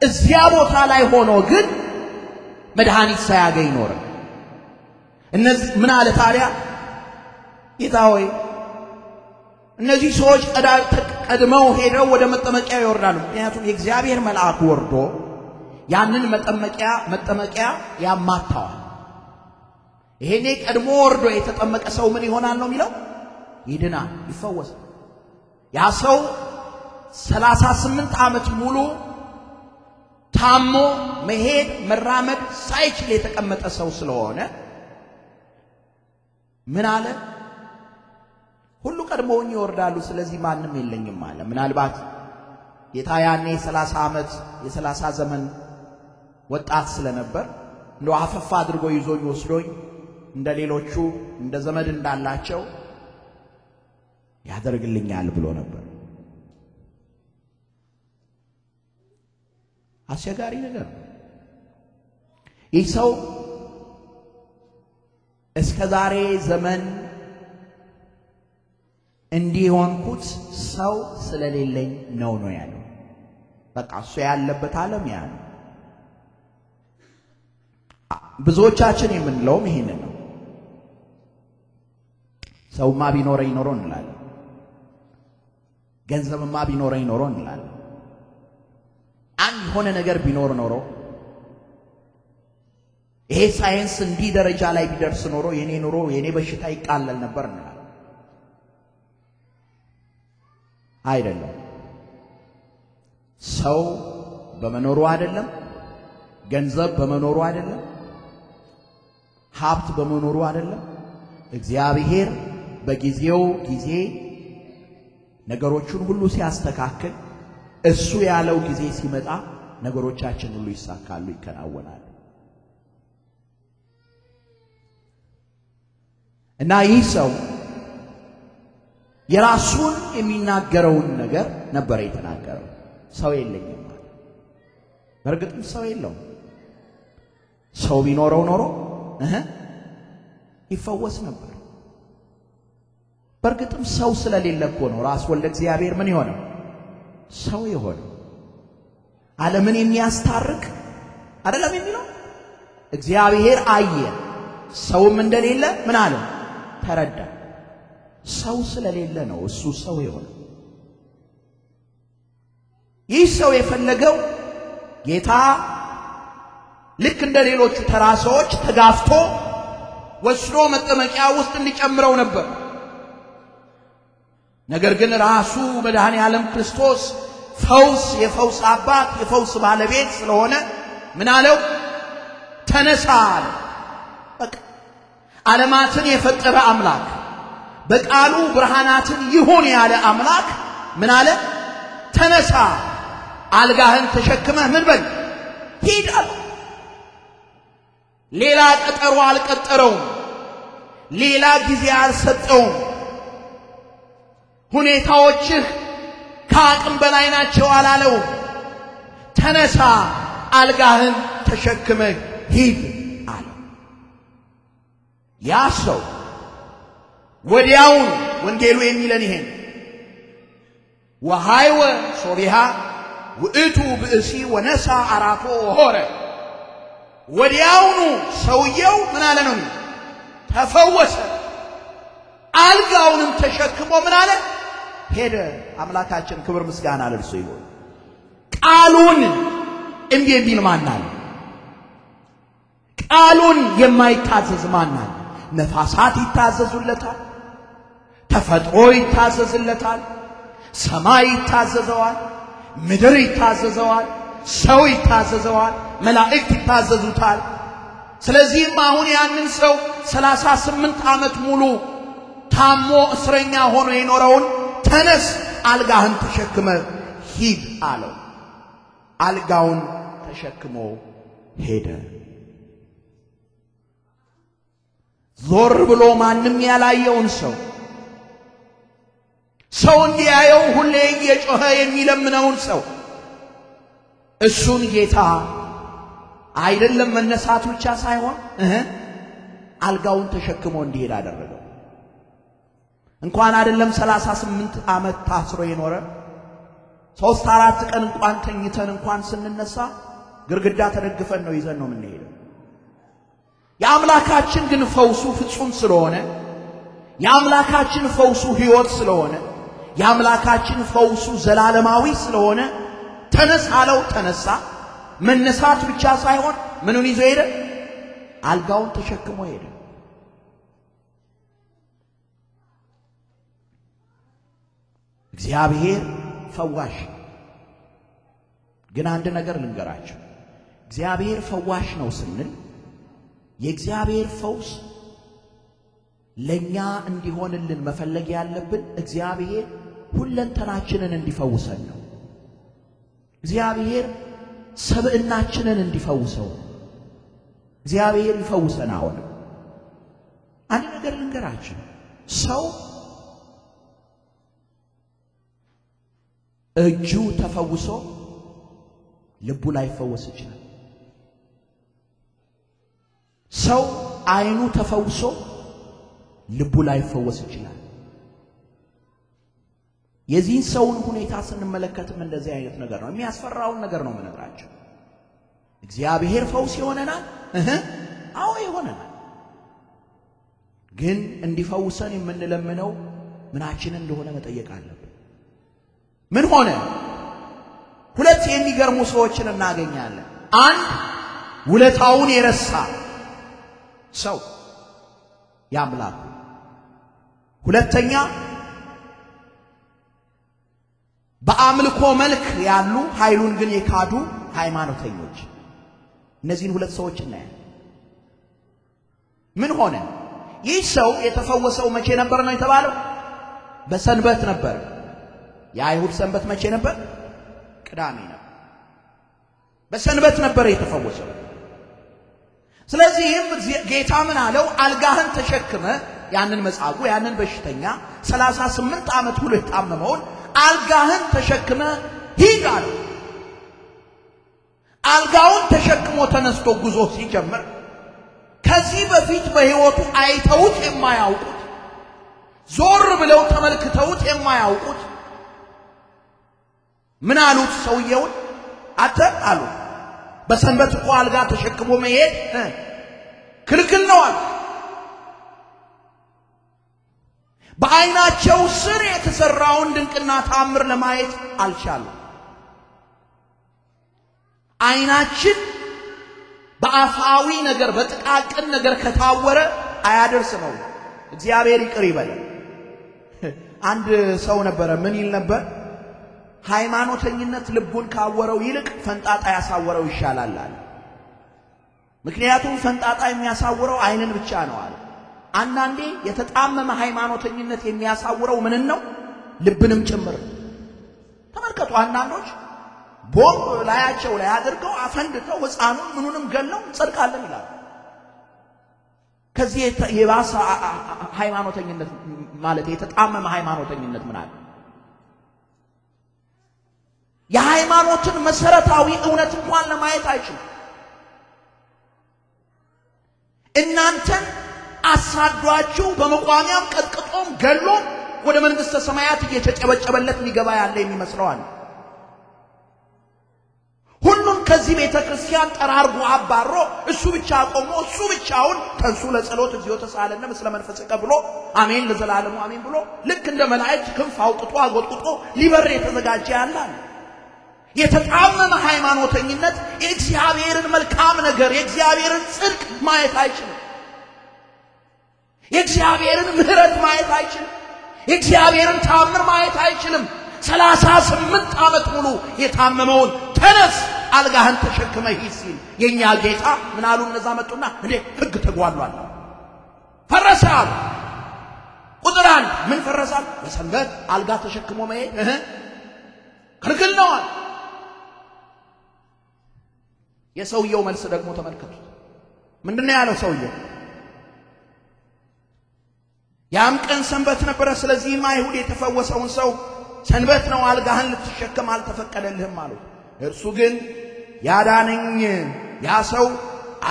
እዚያ ቦታ ላይ ሆኖ ግን መድኃኒት ሳያገኝ ኖረ። እነዚህ ምን አለ ታዲያ? ጌታ ሆይ እነዚህ ሰዎች ቀድመው ሄደው ወደ መጠመቂያ ይወርዳሉ። ምክንያቱም የእግዚአብሔር መልአክ ወርዶ ያንን መጠመቂያ መጠመቂያ ያማታዋል። ይሄኔ ቀድሞ ወርዶ የተጠመቀ ሰው ምን ይሆናል ነው የሚለው? ይድናል፣ ይፈወሳል። ያ ሰው 38 ስምንት ዓመት ሙሉ ታሞ መሄድ መራመድ ሳይችል የተቀመጠ ሰው ስለሆነ ምን አለ ሁሉ ቀድሞውን ይወርዳሉ፣ ስለዚህ ማንም የለኝም አለ። ምናልባት ጌታ ያኔ የሰላሳ ዓመት የሰላሳ ዘመን ወጣት ስለነበር እንደ አፈፋ አድርጎ ይዞኝ ወስዶኝ እንደ ሌሎቹ እንደ ዘመድ እንዳላቸው ያደርግልኛል ብሎ ነበር። አስቸጋሪ ነገር ይህ ሰው እስከ ዛሬ ዘመን እንዲሆንኩት ሰው ስለሌለኝ ነው ነው ያለው። በቃ እሱ ያለበት ዓለም ያ ነው። ብዙዎቻችን የምንለውም ይሄንን ነው። ሰውማ ቢኖረኝ ኖሮ እንላለን። ገንዘብማ ቢኖረኝ ኖሮ እንላለን። አንድ የሆነ ነገር ቢኖር ኖሮ ይሄ ሳይንስ እንዲህ ደረጃ ላይ ቢደርስ ኖሮ የኔ ኑሮ የኔ በሽታ ይቃለል ነበር እንላለን። አይደለም። ሰው በመኖሩ አይደለም። ገንዘብ በመኖሩ አይደለም። ሀብት በመኖሩ አይደለም። እግዚአብሔር በጊዜው ጊዜ ነገሮቹን ሁሉ ሲያስተካክል እሱ ያለው ጊዜ ሲመጣ ነገሮቻችን ሁሉ ይሳካሉ፣ ይከናወናሉ። እና ይህ ሰው የራሱን የሚናገረውን ነገር ነበረ የተናገረው። ሰው የለኝም አለ። በእርግጥም ሰው የለውም። ሰው ቢኖረው ኖሮ እህ ይፈወስ ነበር። በእርግጥም ሰው ስለሌለ እኮ ነው ራስ ወልደ እግዚአብሔር ምን የሆነው ሰው የሆነው ዓለምን የሚያስታርቅ አይደለም የሚለው እግዚአብሔር አየ ሰውም እንደሌለ ምን አለ ተረዳ። ሰው ስለሌለ ነው እሱ ሰው የሆነ። ይህ ሰው የፈለገው ጌታ ልክ እንደ ሌሎቹ ተራ ሰዎች ተጋፍቶ ወስዶ መጠመቂያ ውስጥ እንዲጨምረው ነበር። ነገር ግን ራሱ መድኃኔ ዓለም ክርስቶስ ፈውስ የፈውስ አባት የፈውስ ባለቤት ስለሆነ ምን አለው? ተነሳ አለ። በቃ ዓለማትን የፈጠረ አምላክ በቃሉ ብርሃናትን ይሁን ያለ አምላክ ምን አለ? ተነሳ፣ አልጋህን ተሸክመህ ምን በል ሂድ አለ። ሌላ ቀጠሮ አልቀጠረውም። ሌላ ጊዜ አልሰጠውም። ሁኔታዎችህ ከአቅም በላይ ናቸው አላለው። ተነሳ፣ አልጋህን ተሸክመህ ሂድ አለ ያ ሰው ወዲያውን ወንጌሉ የሚለን ይሄን ወሃይወ ሶቢሃ ውእቱ ብእሲ ወነሳ አራቶ ሆረ ወዲያውኑ ሰውየው ምን አለ ነው ተፈወሰ። አልጋውንም ተሸክሞ ምን አለ ሄደ። አምላካችን ክብር ምስጋና ለእርሱ ይሆን። ቃሉን እምቢ የሚል ማናል? ቃሉን የማይታዘዝ ማናል? ነፋሳት ይታዘዙለታል። ተፈጥሮ ይታዘዝለታል፣ ሰማይ ይታዘዘዋል፣ ምድር ይታዘዘዋል፣ ሰው ይታዘዘዋል፣ መላእክት ይታዘዙታል። ስለዚህም አሁን ያንን ሰው ሰላሳ ስምንት ዓመት ሙሉ ታሞ እስረኛ ሆኖ የኖረውን ተነስ አልጋህን ተሸክመ ሂድ አለው። አልጋውን ተሸክሞ ሄደ። ዞር ብሎ ማንም ያላየውን ሰው ሰው እንዲያየው ሁሌ እየጮኸ የሚለምነውን ሰው እሱን ጌታ አይደለም መነሳት ብቻ ሳይሆን እህ አልጋውን ተሸክሞ እንዲሄድ አደረገው። እንኳን አይደለም ሰላሳ ስምንት ዓመት ታስሮ የኖረ ሶስት አራት ቀን እንኳን ተኝተን እንኳን ስንነሳ ግርግዳ ተደግፈን ነው ይዘን ነው የምንሄደው። የአምላካችን ግን ፈውሱ ፍጹም ስለሆነ የአምላካችን ፈውሱ ሕይወት ስለሆነ የአምላካችን ፈውሱ ዘላለማዊ ስለሆነ ተነሳለው ተነሳ። መነሳት ብቻ ሳይሆን ምኑን ይዞ ሄደ? አልጋውን ተሸክሞ ሄደ። እግዚአብሔር ፈዋሽ። ግን አንድ ነገር ልንገራችሁ፣ እግዚአብሔር ፈዋሽ ነው ስንል የእግዚአብሔር ፈውስ ለእኛ እንዲሆንልን መፈለግ ያለብን እግዚአብሔር ሁለንተናችንን እንዲፈውሰን ነው። እግዚአብሔር ሰብዕናችንን እንዲፈውሰው እግዚአብሔር ይፈውሰን። አሁን አንድ ነገር ልንገራችን፣ ሰው እጁ ተፈውሶ ልቡ ላይፈወስ ይችላል። ሰው አይኑ ተፈውሶ ልቡ ላይፈወስ ይችላል። የዚህን ሰውን ሁኔታ ስንመለከትም እንደዚህ አይነት ነገር ነው። የሚያስፈራውን ነገር ነው የምነግራቸው። እግዚአብሔር ፈውስ ይሆነናል። እህ አዎ ይሆነናል። ግን እንዲፈውሰን የምንለምነው ምናችን እንደሆነ መጠየቅ አለብን። ምን ሆነ? ሁለት የሚገርሙ ሰዎችን እናገኛለን። አንድ ውለታውን የረሳ ሰው ያምላኩ፣ ሁለተኛ በአምልኮ መልክ ያሉ ኃይሉን ግን የካዱ ሃይማኖተኞች እነዚህን ሁለት ሰዎች እናያለን። ምን ሆነ? ይህ ሰው የተፈወሰው መቼ ነበር ነው የተባለው? በሰንበት ነበር። የአይሁድ ሰንበት መቼ ነበር? ቅዳሜ ነበር። በሰንበት ነበር የተፈወሰው። ስለዚህም ጌታ ምን አለው? አልጋህን ተሸክመ ያንን መጻጉዕ ያንን በሽተኛ ሰላሳ ስምንት ዓመት ሙሉ የታመመውን አልጋህን ተሸክመ ሂድ አለ። አልጋውን ተሸክሞ ተነስቶ ጉዞ ሲጀምር ከዚህ በፊት በሕይወቱ አይተውት የማያውቁት ዞር ብለው ተመልክተውት የማያውቁት ምን አሉት? ሰውየውን አተ አሉ። በሰንበት እኮ አልጋ ተሸክሞ መሄድ ክልክል ነው አሉ። በዓይናቸው ስር የተሰራውን ድንቅና ታምር ለማየት አልቻሉም። ዓይናችን በአፋዊ ነገር በጥቃቅን ነገር ከታወረ አያደርስ ነው። እግዚአብሔር ይቅር ይበል። አንድ ሰው ነበረ። ምን ይል ነበር? ሃይማኖተኝነት ልቡን ካወረው ይልቅ ፈንጣጣ ያሳወረው ይሻላል አለ። ምክንያቱም ፈንጣጣ የሚያሳውረው ዓይንን ብቻ ነው አለ። አንዳንዴ የተጣመመ ሃይማኖተኝነት የሚያሳውረው ምንን ነው? ልብንም ጭምር ተመልከቱ። አንዳንዶች ቦምብ ላያቸው ላይ አድርገው አፈንድተው ሕፃኑን ምኑንም ገለው እንጸድቃለን ይላሉ። ከዚህ የባሰ ሃይማኖተኝነት ማለት የተጣመመ ሃይማኖተኝነት ምን አለ? የሃይማኖትን መሰረታዊ እውነት እንኳን ለማየት አይችልም። እናንተን አሳዷችሁ በመቋሚያም ቀጥቅጦም ገሎም ወደ መንግሥተ ሰማያት እየተጨበጨበለት ሊገባ ያለ የሚመስለዋል። ሁሉም ከዚህ ቤተ ክርስቲያን ጠራርጎ አባሮ እሱ ብቻ ቆሞ እሱ ብቻውን ተንሱ ለጸሎት እግዚኦ ተሳለነ ምስለ መንፈስከ ብሎ አሜን ለዘላለሙ አሜን ብሎ ልክ እንደ መላእክት ክንፍ አውጥቶ አጎጥቁጦ ሊበር የተዘጋጀ ያላል። የተጣመመ ሃይማኖተኝነት የእግዚአብሔርን መልካም ነገር የእግዚአብሔርን ጽድቅ ማየት አይችልም። የእግዚአብሔርን ምሕረት ማየት አይችልም። የእግዚአብሔርን ታምር ማየት አይችልም። ሰላሳ ስምንት ዓመት ሙሉ የታመመውን ተነስ አልጋህን ተሸክመ ሂድ ሲል የእኛ ጌታ ምን አሉ? እነዛ መጡና እንዴ ሕግ ተጓሏል፣ ፈረሰ አሉ። ቁጥር አንድ ምን ፈረሳል? በሰንበት አልጋ ተሸክሞ መሄድ ክልክል ነዋል። የሰውየው መልስ ደግሞ ተመልከቱት። ምንድነው ያለው ሰውየው? ያም ቀን ሰንበት ነበረ። ስለዚህም አይሁድ የተፈወሰውን ሰው ሰንበት ነው፣ አልጋህን ልትሸከም አልተፈቀደልህም አሉት። እርሱ ግን ያዳነኝ ያ ሰው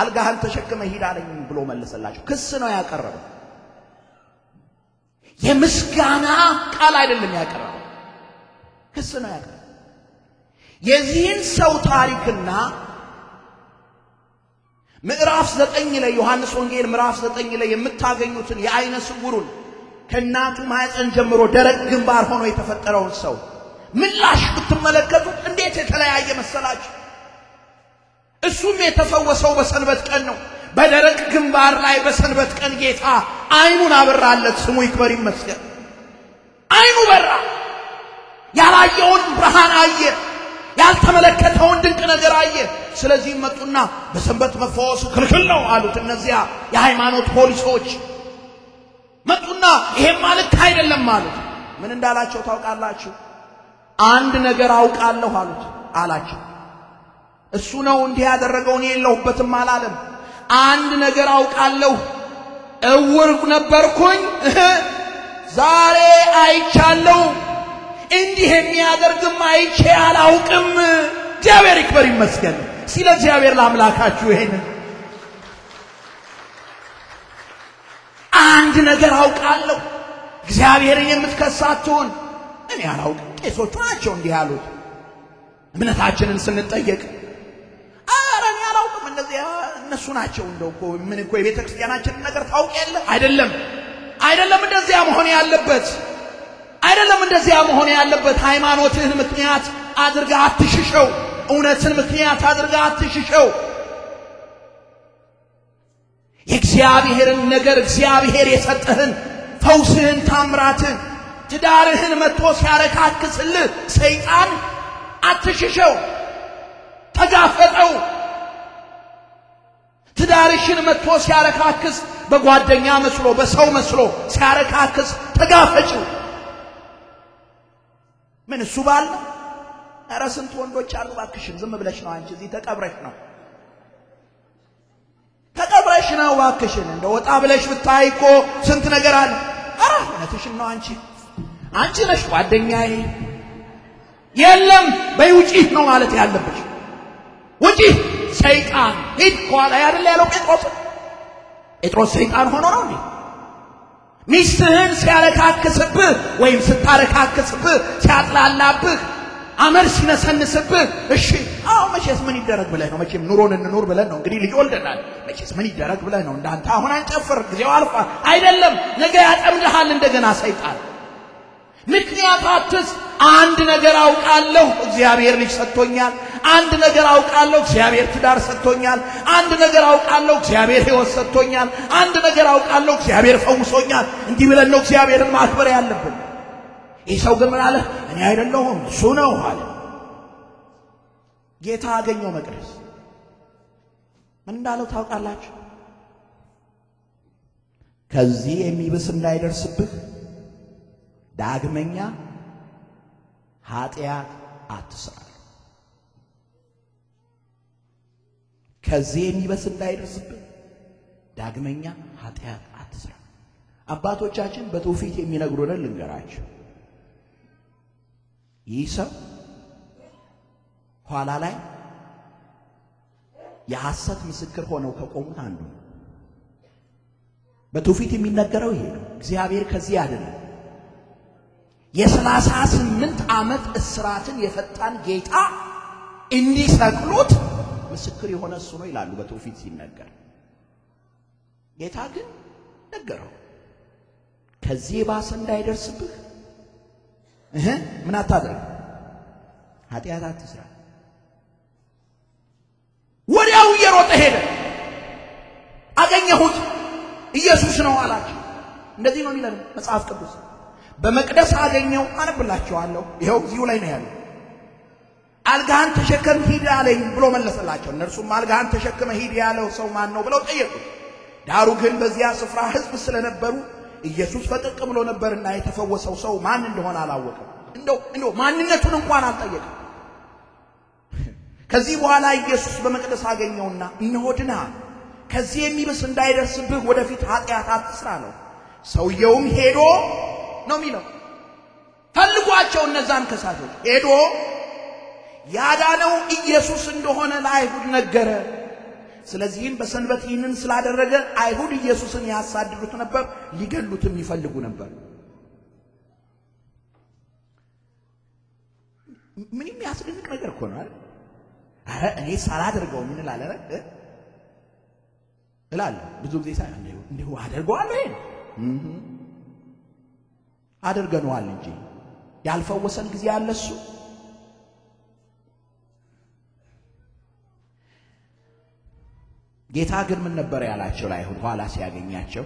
አልጋህን ተሸክመ ሂድ አለኝ ብሎ መለሰላቸው። ክስ ነው ያቀረበው። የምስጋና ቃል አይደለም ያቀረበው፣ ክስ ነው ያቀረበው። የዚህን ሰው ታሪክና ምዕራፍ ዘጠኝ ላይ ዮሐንስ ወንጌል ምዕራፍ ዘጠኝ ላይ የምታገኙትን የአይነ ስውሩን ከእናቱ ማኅፀን ጀምሮ ደረቅ ግንባር ሆኖ የተፈጠረውን ሰው ምላሽ ብትመለከቱ እንዴት የተለያየ መሰላችሁ! እሱም የተፈወሰው በሰንበት ቀን ነው። በደረቅ ግንባር ላይ በሰንበት ቀን ጌታ አይኑን አበራለት። ስሙ ይክበር ይመስገን። አይኑ በራ። ያላየውን ብርሃን አየ። ያልተመለከተውን ድንቅ ነገር አየ። ስለዚህም መጡና በሰንበት መፈወሱ ክልክል ነው አሉት። እነዚያ የሃይማኖት ፖሊሶች መጡና ይሄም ልክ አይደለም አሉት። ምን እንዳላቸው ታውቃላችሁ? አንድ ነገር አውቃለሁ አሉት አላቸው። እሱ ነው እንዲህ ያደረገው እኔ የለሁበትም አላለም። አንድ ነገር አውቃለሁ፣ እውር ነበርኩኝ፣ ዛሬ አይቻለሁ እንዲህ የሚያደርግም አይቼ አላውቅም። እግዚአብሔር ይክበር ይመስገን። ስለ እግዚአብሔር ለአምላካችሁ ይሄን አንድ ነገር አውቃለሁ። እግዚአብሔርን የምትከሳትሁን እኔ አላውቅም። ቄሶቹ ናቸው እንዲህ ያሉት። እምነታችንን ስንጠየቅ ኧረ እኔ አላውቅም፣ እነዚህ እነሱ ናቸው። እንደው እኮ ምን እኮ የቤተ ክርስቲያናችንን ነገር ታውቅ የለ አይደለም፣ አይደለም እንደዚያ መሆን ያለበት አይደለም እንደዚያ መሆን ያለበት። ሃይማኖትህን ምክንያት አድርገህ አትሽሸው። እውነትን ምክንያት አድርገህ አትሽሸው። የእግዚአብሔርን ነገር እግዚአብሔር የሰጠህን ፈውስህን፣ ታምራትን፣ ትዳርህን መጥቶ ሲያረካክስልህ ሰይጣን አትሽሸው፣ ተጋፈጠው። ትዳርሽን መጥቶ ሲያረካክስ በጓደኛ መስሎ በሰው መስሎ ሲያረካክስ ተጋፈጭው። ምን እሱ ባል ነው? ኧረ ስንት ወንዶች አሉ። እባክሽን ዝም ብለሽ ነው አንቺ እዚህ ተቀብረሽ ነው ተቀብረሽ ነው። እባክሽን እንደ ወጣ ብለሽ ብታይ እኮ ስንት ነገር አለ። ኧረ እውነትሽን ነው አንቺ አንቺ ነሽ ጓደኛዬ። የለም በይ ውጪ ነው ማለት ያለብሽ። ውጪ ሰይጣን ሂድ ከኋላ ያደለ ያለው ጴጥሮስ ጴጥሮስ ሰይጣን ሆኖ ነው እንዴ? ሚስትህን ሲያረካክስብህ ወይም ስታረካክስብህ፣ ሲያጥላላብህ፣ አመር ሲነሰንስብህ፣ እሺ አዎ መቼስ ምን ይደረግ ብለህ ነው። መቼም ኑሮን እንኑር ብለን ነው እንግዲህ ልጅ ወልደናል። መቼስ ምን ይደረግ ብለህ ነው። እንዳንተ አሁን አንጨፍር፣ ጊዜው አልፏል። አይደለም ነገ ያጠምድሃል እንደገና ሰይጣን። ምክንያት አንድ ነገር አውቃለሁ፣ እግዚአብሔር ልጅ ሰጥቶኛል። አንድ ነገር አውቃለሁ፣ እግዚአብሔር ትዳር ሰጥቶኛል። አንድ ነገር አውቃለሁ፣ እግዚአብሔር ሕይወት ሰጥቶኛል። አንድ ነገር አውቃለሁ፣ እግዚአብሔር ፈውሶኛል። እንዲህ ብለን ነው እግዚአብሔርን ማክበር ያለብን። ይህ ሰው ግን ምን አለ? እኔ አይደለሁም እሱ ነው አለ። ጌታ አገኘው መቅደስ ምን እንዳለው ታውቃላችሁ? ከዚህ የሚብስ እንዳይደርስብህ ዳግመኛ ኃጢአት አትስራ። ከዚህ የሚበስ እንዳይደርስብን ዳግመኛ ኃጢአት አትስራ። አባቶቻችን በትውፊት የሚነግሩንን ልንገራቸው ይህ ሰው ኋላ ላይ የሐሰት ምስክር ሆነው ከቆሙት አንዱ ነው። በትውፊት የሚነገረው ይሄ ነው። እግዚአብሔር ከዚህ አይደለም። የሰላሳ ስምንት ዓመት እስራትን የፈጣን ጌታ እንዲሰቅሉት ምስክር የሆነ እሱ ነው ይላሉ በትውፊት ሲነገር። ጌታ ግን ነገረው፣ ከዚህ የባሰ እንዳይደርስብህ እህ ምን አታድርግ፣ ኃጢአት አትስራ። ወዲያው እየሮጠ ሄደ፣ አገኘሁት፣ ኢየሱስ ነው አላቸው። እንደዚህ ነው የሚለን መጽሐፍ ቅዱስ። በመቅደስ አገኘው፣ አነብላችኋለሁ። ይኸው እዚሁ ላይ ነው ያለው። አልጋህን ተሸከም ሂድ አለኝ ብሎ መለሰላቸው። እነርሱም አልጋህን ተሸክመ ሂድ ያለው ሰው ማን ነው ብለው ጠየቁት። ዳሩ ግን በዚያ ስፍራ ሕዝብ ስለነበሩ ኢየሱስ ፈቀቅ ብሎ ነበርና የተፈወሰው ሰው ማን እንደሆነ አላወቀም። እንደው እንደው ማንነቱን እንኳን አልጠየቅም። ከዚህ በኋላ ኢየሱስ በመቅደስ አገኘውና እነሆ ከዚህ የሚብስ እንዳይደርስብህ ወደፊት ኃጢአት አትስራ ነው። ሰውየውም ሄዶ ነው የሚለው ፈልጓቸው እነዛን ከሳቶች ሄዶ ያዳነው ኢየሱስ እንደሆነ ለአይሁድ ነገረ። ስለዚህም በሰንበት ይህንን ስላደረገ አይሁድ ኢየሱስን ያሳድዱት ነበር፣ ሊገሉትም ይፈልጉ ነበር። ምን የሚያስደንቅ ነገር እኮ ነው። አረ እኔ ሳላደርገው ምን ላለረ እላለ ብዙ ጊዜ ሳ እንዲሁ ይ አደርገነዋል እንጂ ያልፈወሰን ጊዜ ያለ እሱ ጌታ ግን ምን ነበር ያላቸው ለአይሁድ ኋላ ሲያገኛቸው?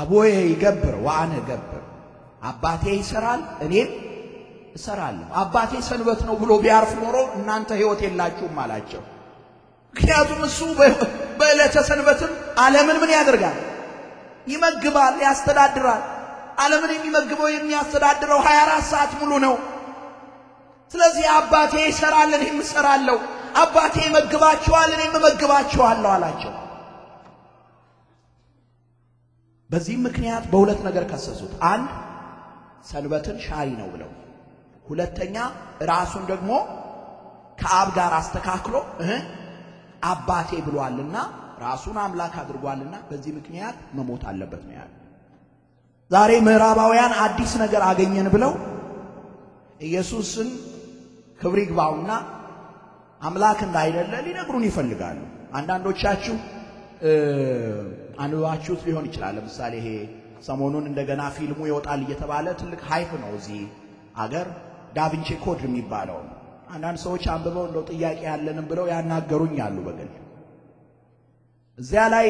አቦዬ ይገብር ወአነ ገብር አባቴ ይሰራል እኔም እሰራለሁ። አባቴ ሰንበት ነው ብሎ ቢያርፍ ኖሮ እናንተ ህይወት የላችሁም አላቸው። ምክንያቱም እሱ በዕለተ ሰንበትም ዓለምን ምን ያደርጋል? ይመግባል፣ ያስተዳድራል። ዓለምን የሚመግበው የሚያስተዳድረው 24 ሰዓት ሙሉ ነው። ስለዚህ አባቴ ይሰራል እኔም እሰራለሁ አባቴ ይመግባቸዋል፣ እኔም እመግባቸዋለሁ አላቸው። በዚህም ምክንያት በሁለት ነገር ከሰሱት። አንድ ሰንበትን ሻሪ ነው ብለው፣ ሁለተኛ ራሱን ደግሞ ከአብ ጋር አስተካክሎ አባቴ ብሏልና ራሱን አምላክ አድርጓልና በዚህ ምክንያት መሞት አለበት ነው ያለው። ዛሬ ምዕራባውያን አዲስ ነገር አገኘን ብለው ኢየሱስን ክብር ይግባውና አምላክ እንዳይደለ ሊነግሩን ይፈልጋሉ። አንዳንዶቻችሁ አንብባችሁት ሊሆን ይችላል። ለምሳሌ ይሄ ሰሞኑን እንደገና ፊልሙ ይወጣል እየተባለ ትልቅ ሃይፕ ነው እዚህ አገር ዳቪንቺ ኮድ የሚባለው አንዳንድ ሰዎች አንብበው እንደው ጥያቄ ያለንም ብለው ያናገሩኝ አሉ። በግል እዚያ ላይ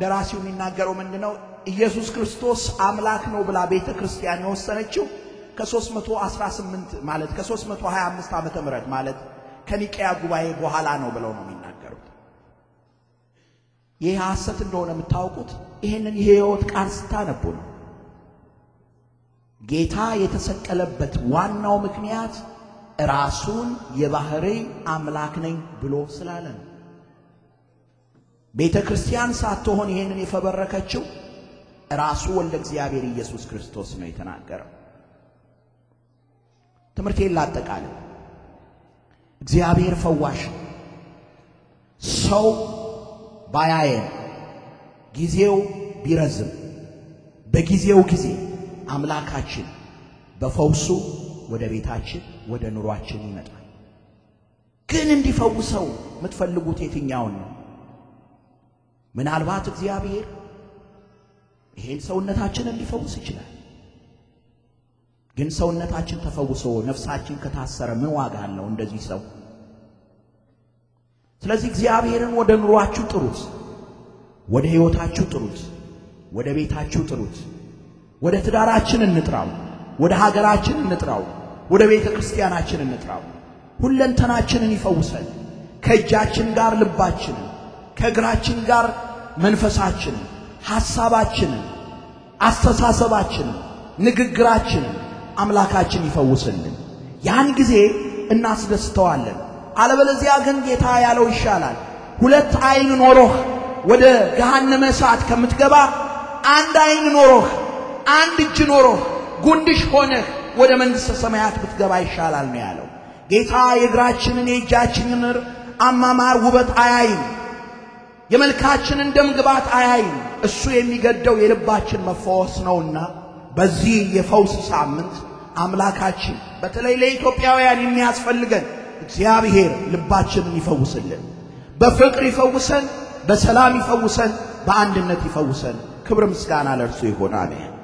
ደራሲው የሚናገረው ምንድን ነው? ኢየሱስ ክርስቶስ አምላክ ነው ብላ ቤተ ክርስቲያን የወሰነችው ከ318 ማለት ከ325 ዓመተ ምህረት ማለት ከኒቀያ ጉባኤ በኋላ ነው ብለው ነው የሚናገሩት። ይህ ሐሰት እንደሆነ የምታውቁት ይህንን የሕይወት ቃል ስታነቡ ነው። ጌታ የተሰቀለበት ዋናው ምክንያት ራሱን የባህሪ አምላክ ነኝ ብሎ ስላለ ነው። ቤተ ክርስቲያን ሳትሆን ይህንን የፈበረከችው ራሱ ወልደ እግዚአብሔር ኢየሱስ ክርስቶስ ነው የተናገረው። ትምህርቴን ላጠቃልል። እግዚአብሔር ፈዋሽ ነው። ሰው ባያየን ጊዜው ቢረዝም በጊዜው ጊዜ አምላካችን በፈውሱ ወደ ቤታችን ወደ ኑሯችን ይመጣል። ግን እንዲፈውሰው የምትፈልጉት የትኛውን ነው? ምናልባት እግዚአብሔር ይሄን ሰውነታችንን ሊፈውስ ይችላል። ግን ሰውነታችን ተፈውሶ ነፍሳችን ከታሰረ ምን ዋጋ አለው እንደዚህ ሰው? ስለዚህ እግዚአብሔርን ወደ ኑሯችሁ ጥሩት፣ ወደ ህይወታችሁ ጥሩት፣ ወደ ቤታችሁ ጥሩት። ወደ ትዳራችን እንጥራው፣ ወደ ሀገራችን እንጥራው፣ ወደ ቤተ ክርስቲያናችን እንጥራው። ሁለንተናችንን ይፈውሰን። ከእጃችን ጋር ልባችንን፣ ከእግራችን ጋር መንፈሳችንን፣ ሐሳባችንን፣ አስተሳሰባችንን፣ ንግግራችንን አምላካችን ይፈውስልን። ያን ጊዜ እናስደስተዋለን። አለበለዚያ ግን ጌታ ያለው ይሻላል። ሁለት አይን ኖሮህ ወደ ገሃነመ እሳት ከምትገባ አንድ አይን ኖሮህ አንድ እጅ ኖሮህ ጉንድሽ ሆነህ ወደ መንግሥተ ሰማያት ብትገባ ይሻላል ነው ያለው ጌታ። የእግራችንን የእጃችንን አማማር ውበት አያይም፣ የመልካችንን ግባት አያይም። እሱ የሚገደው የልባችን መፈወስ ነውና በዚህ የፈውስ ሳምንት አምላካችን በተለይ ለኢትዮጵያውያን የሚያስፈልገን እግዚአብሔር ልባችንን ይፈውስልን፣ በፍቅር ይፈውሰን፣ በሰላም ይፈውሰን፣ በአንድነት ይፈውሰን። ክብር ምስጋና ለእርሱ ይሆን። አሜን።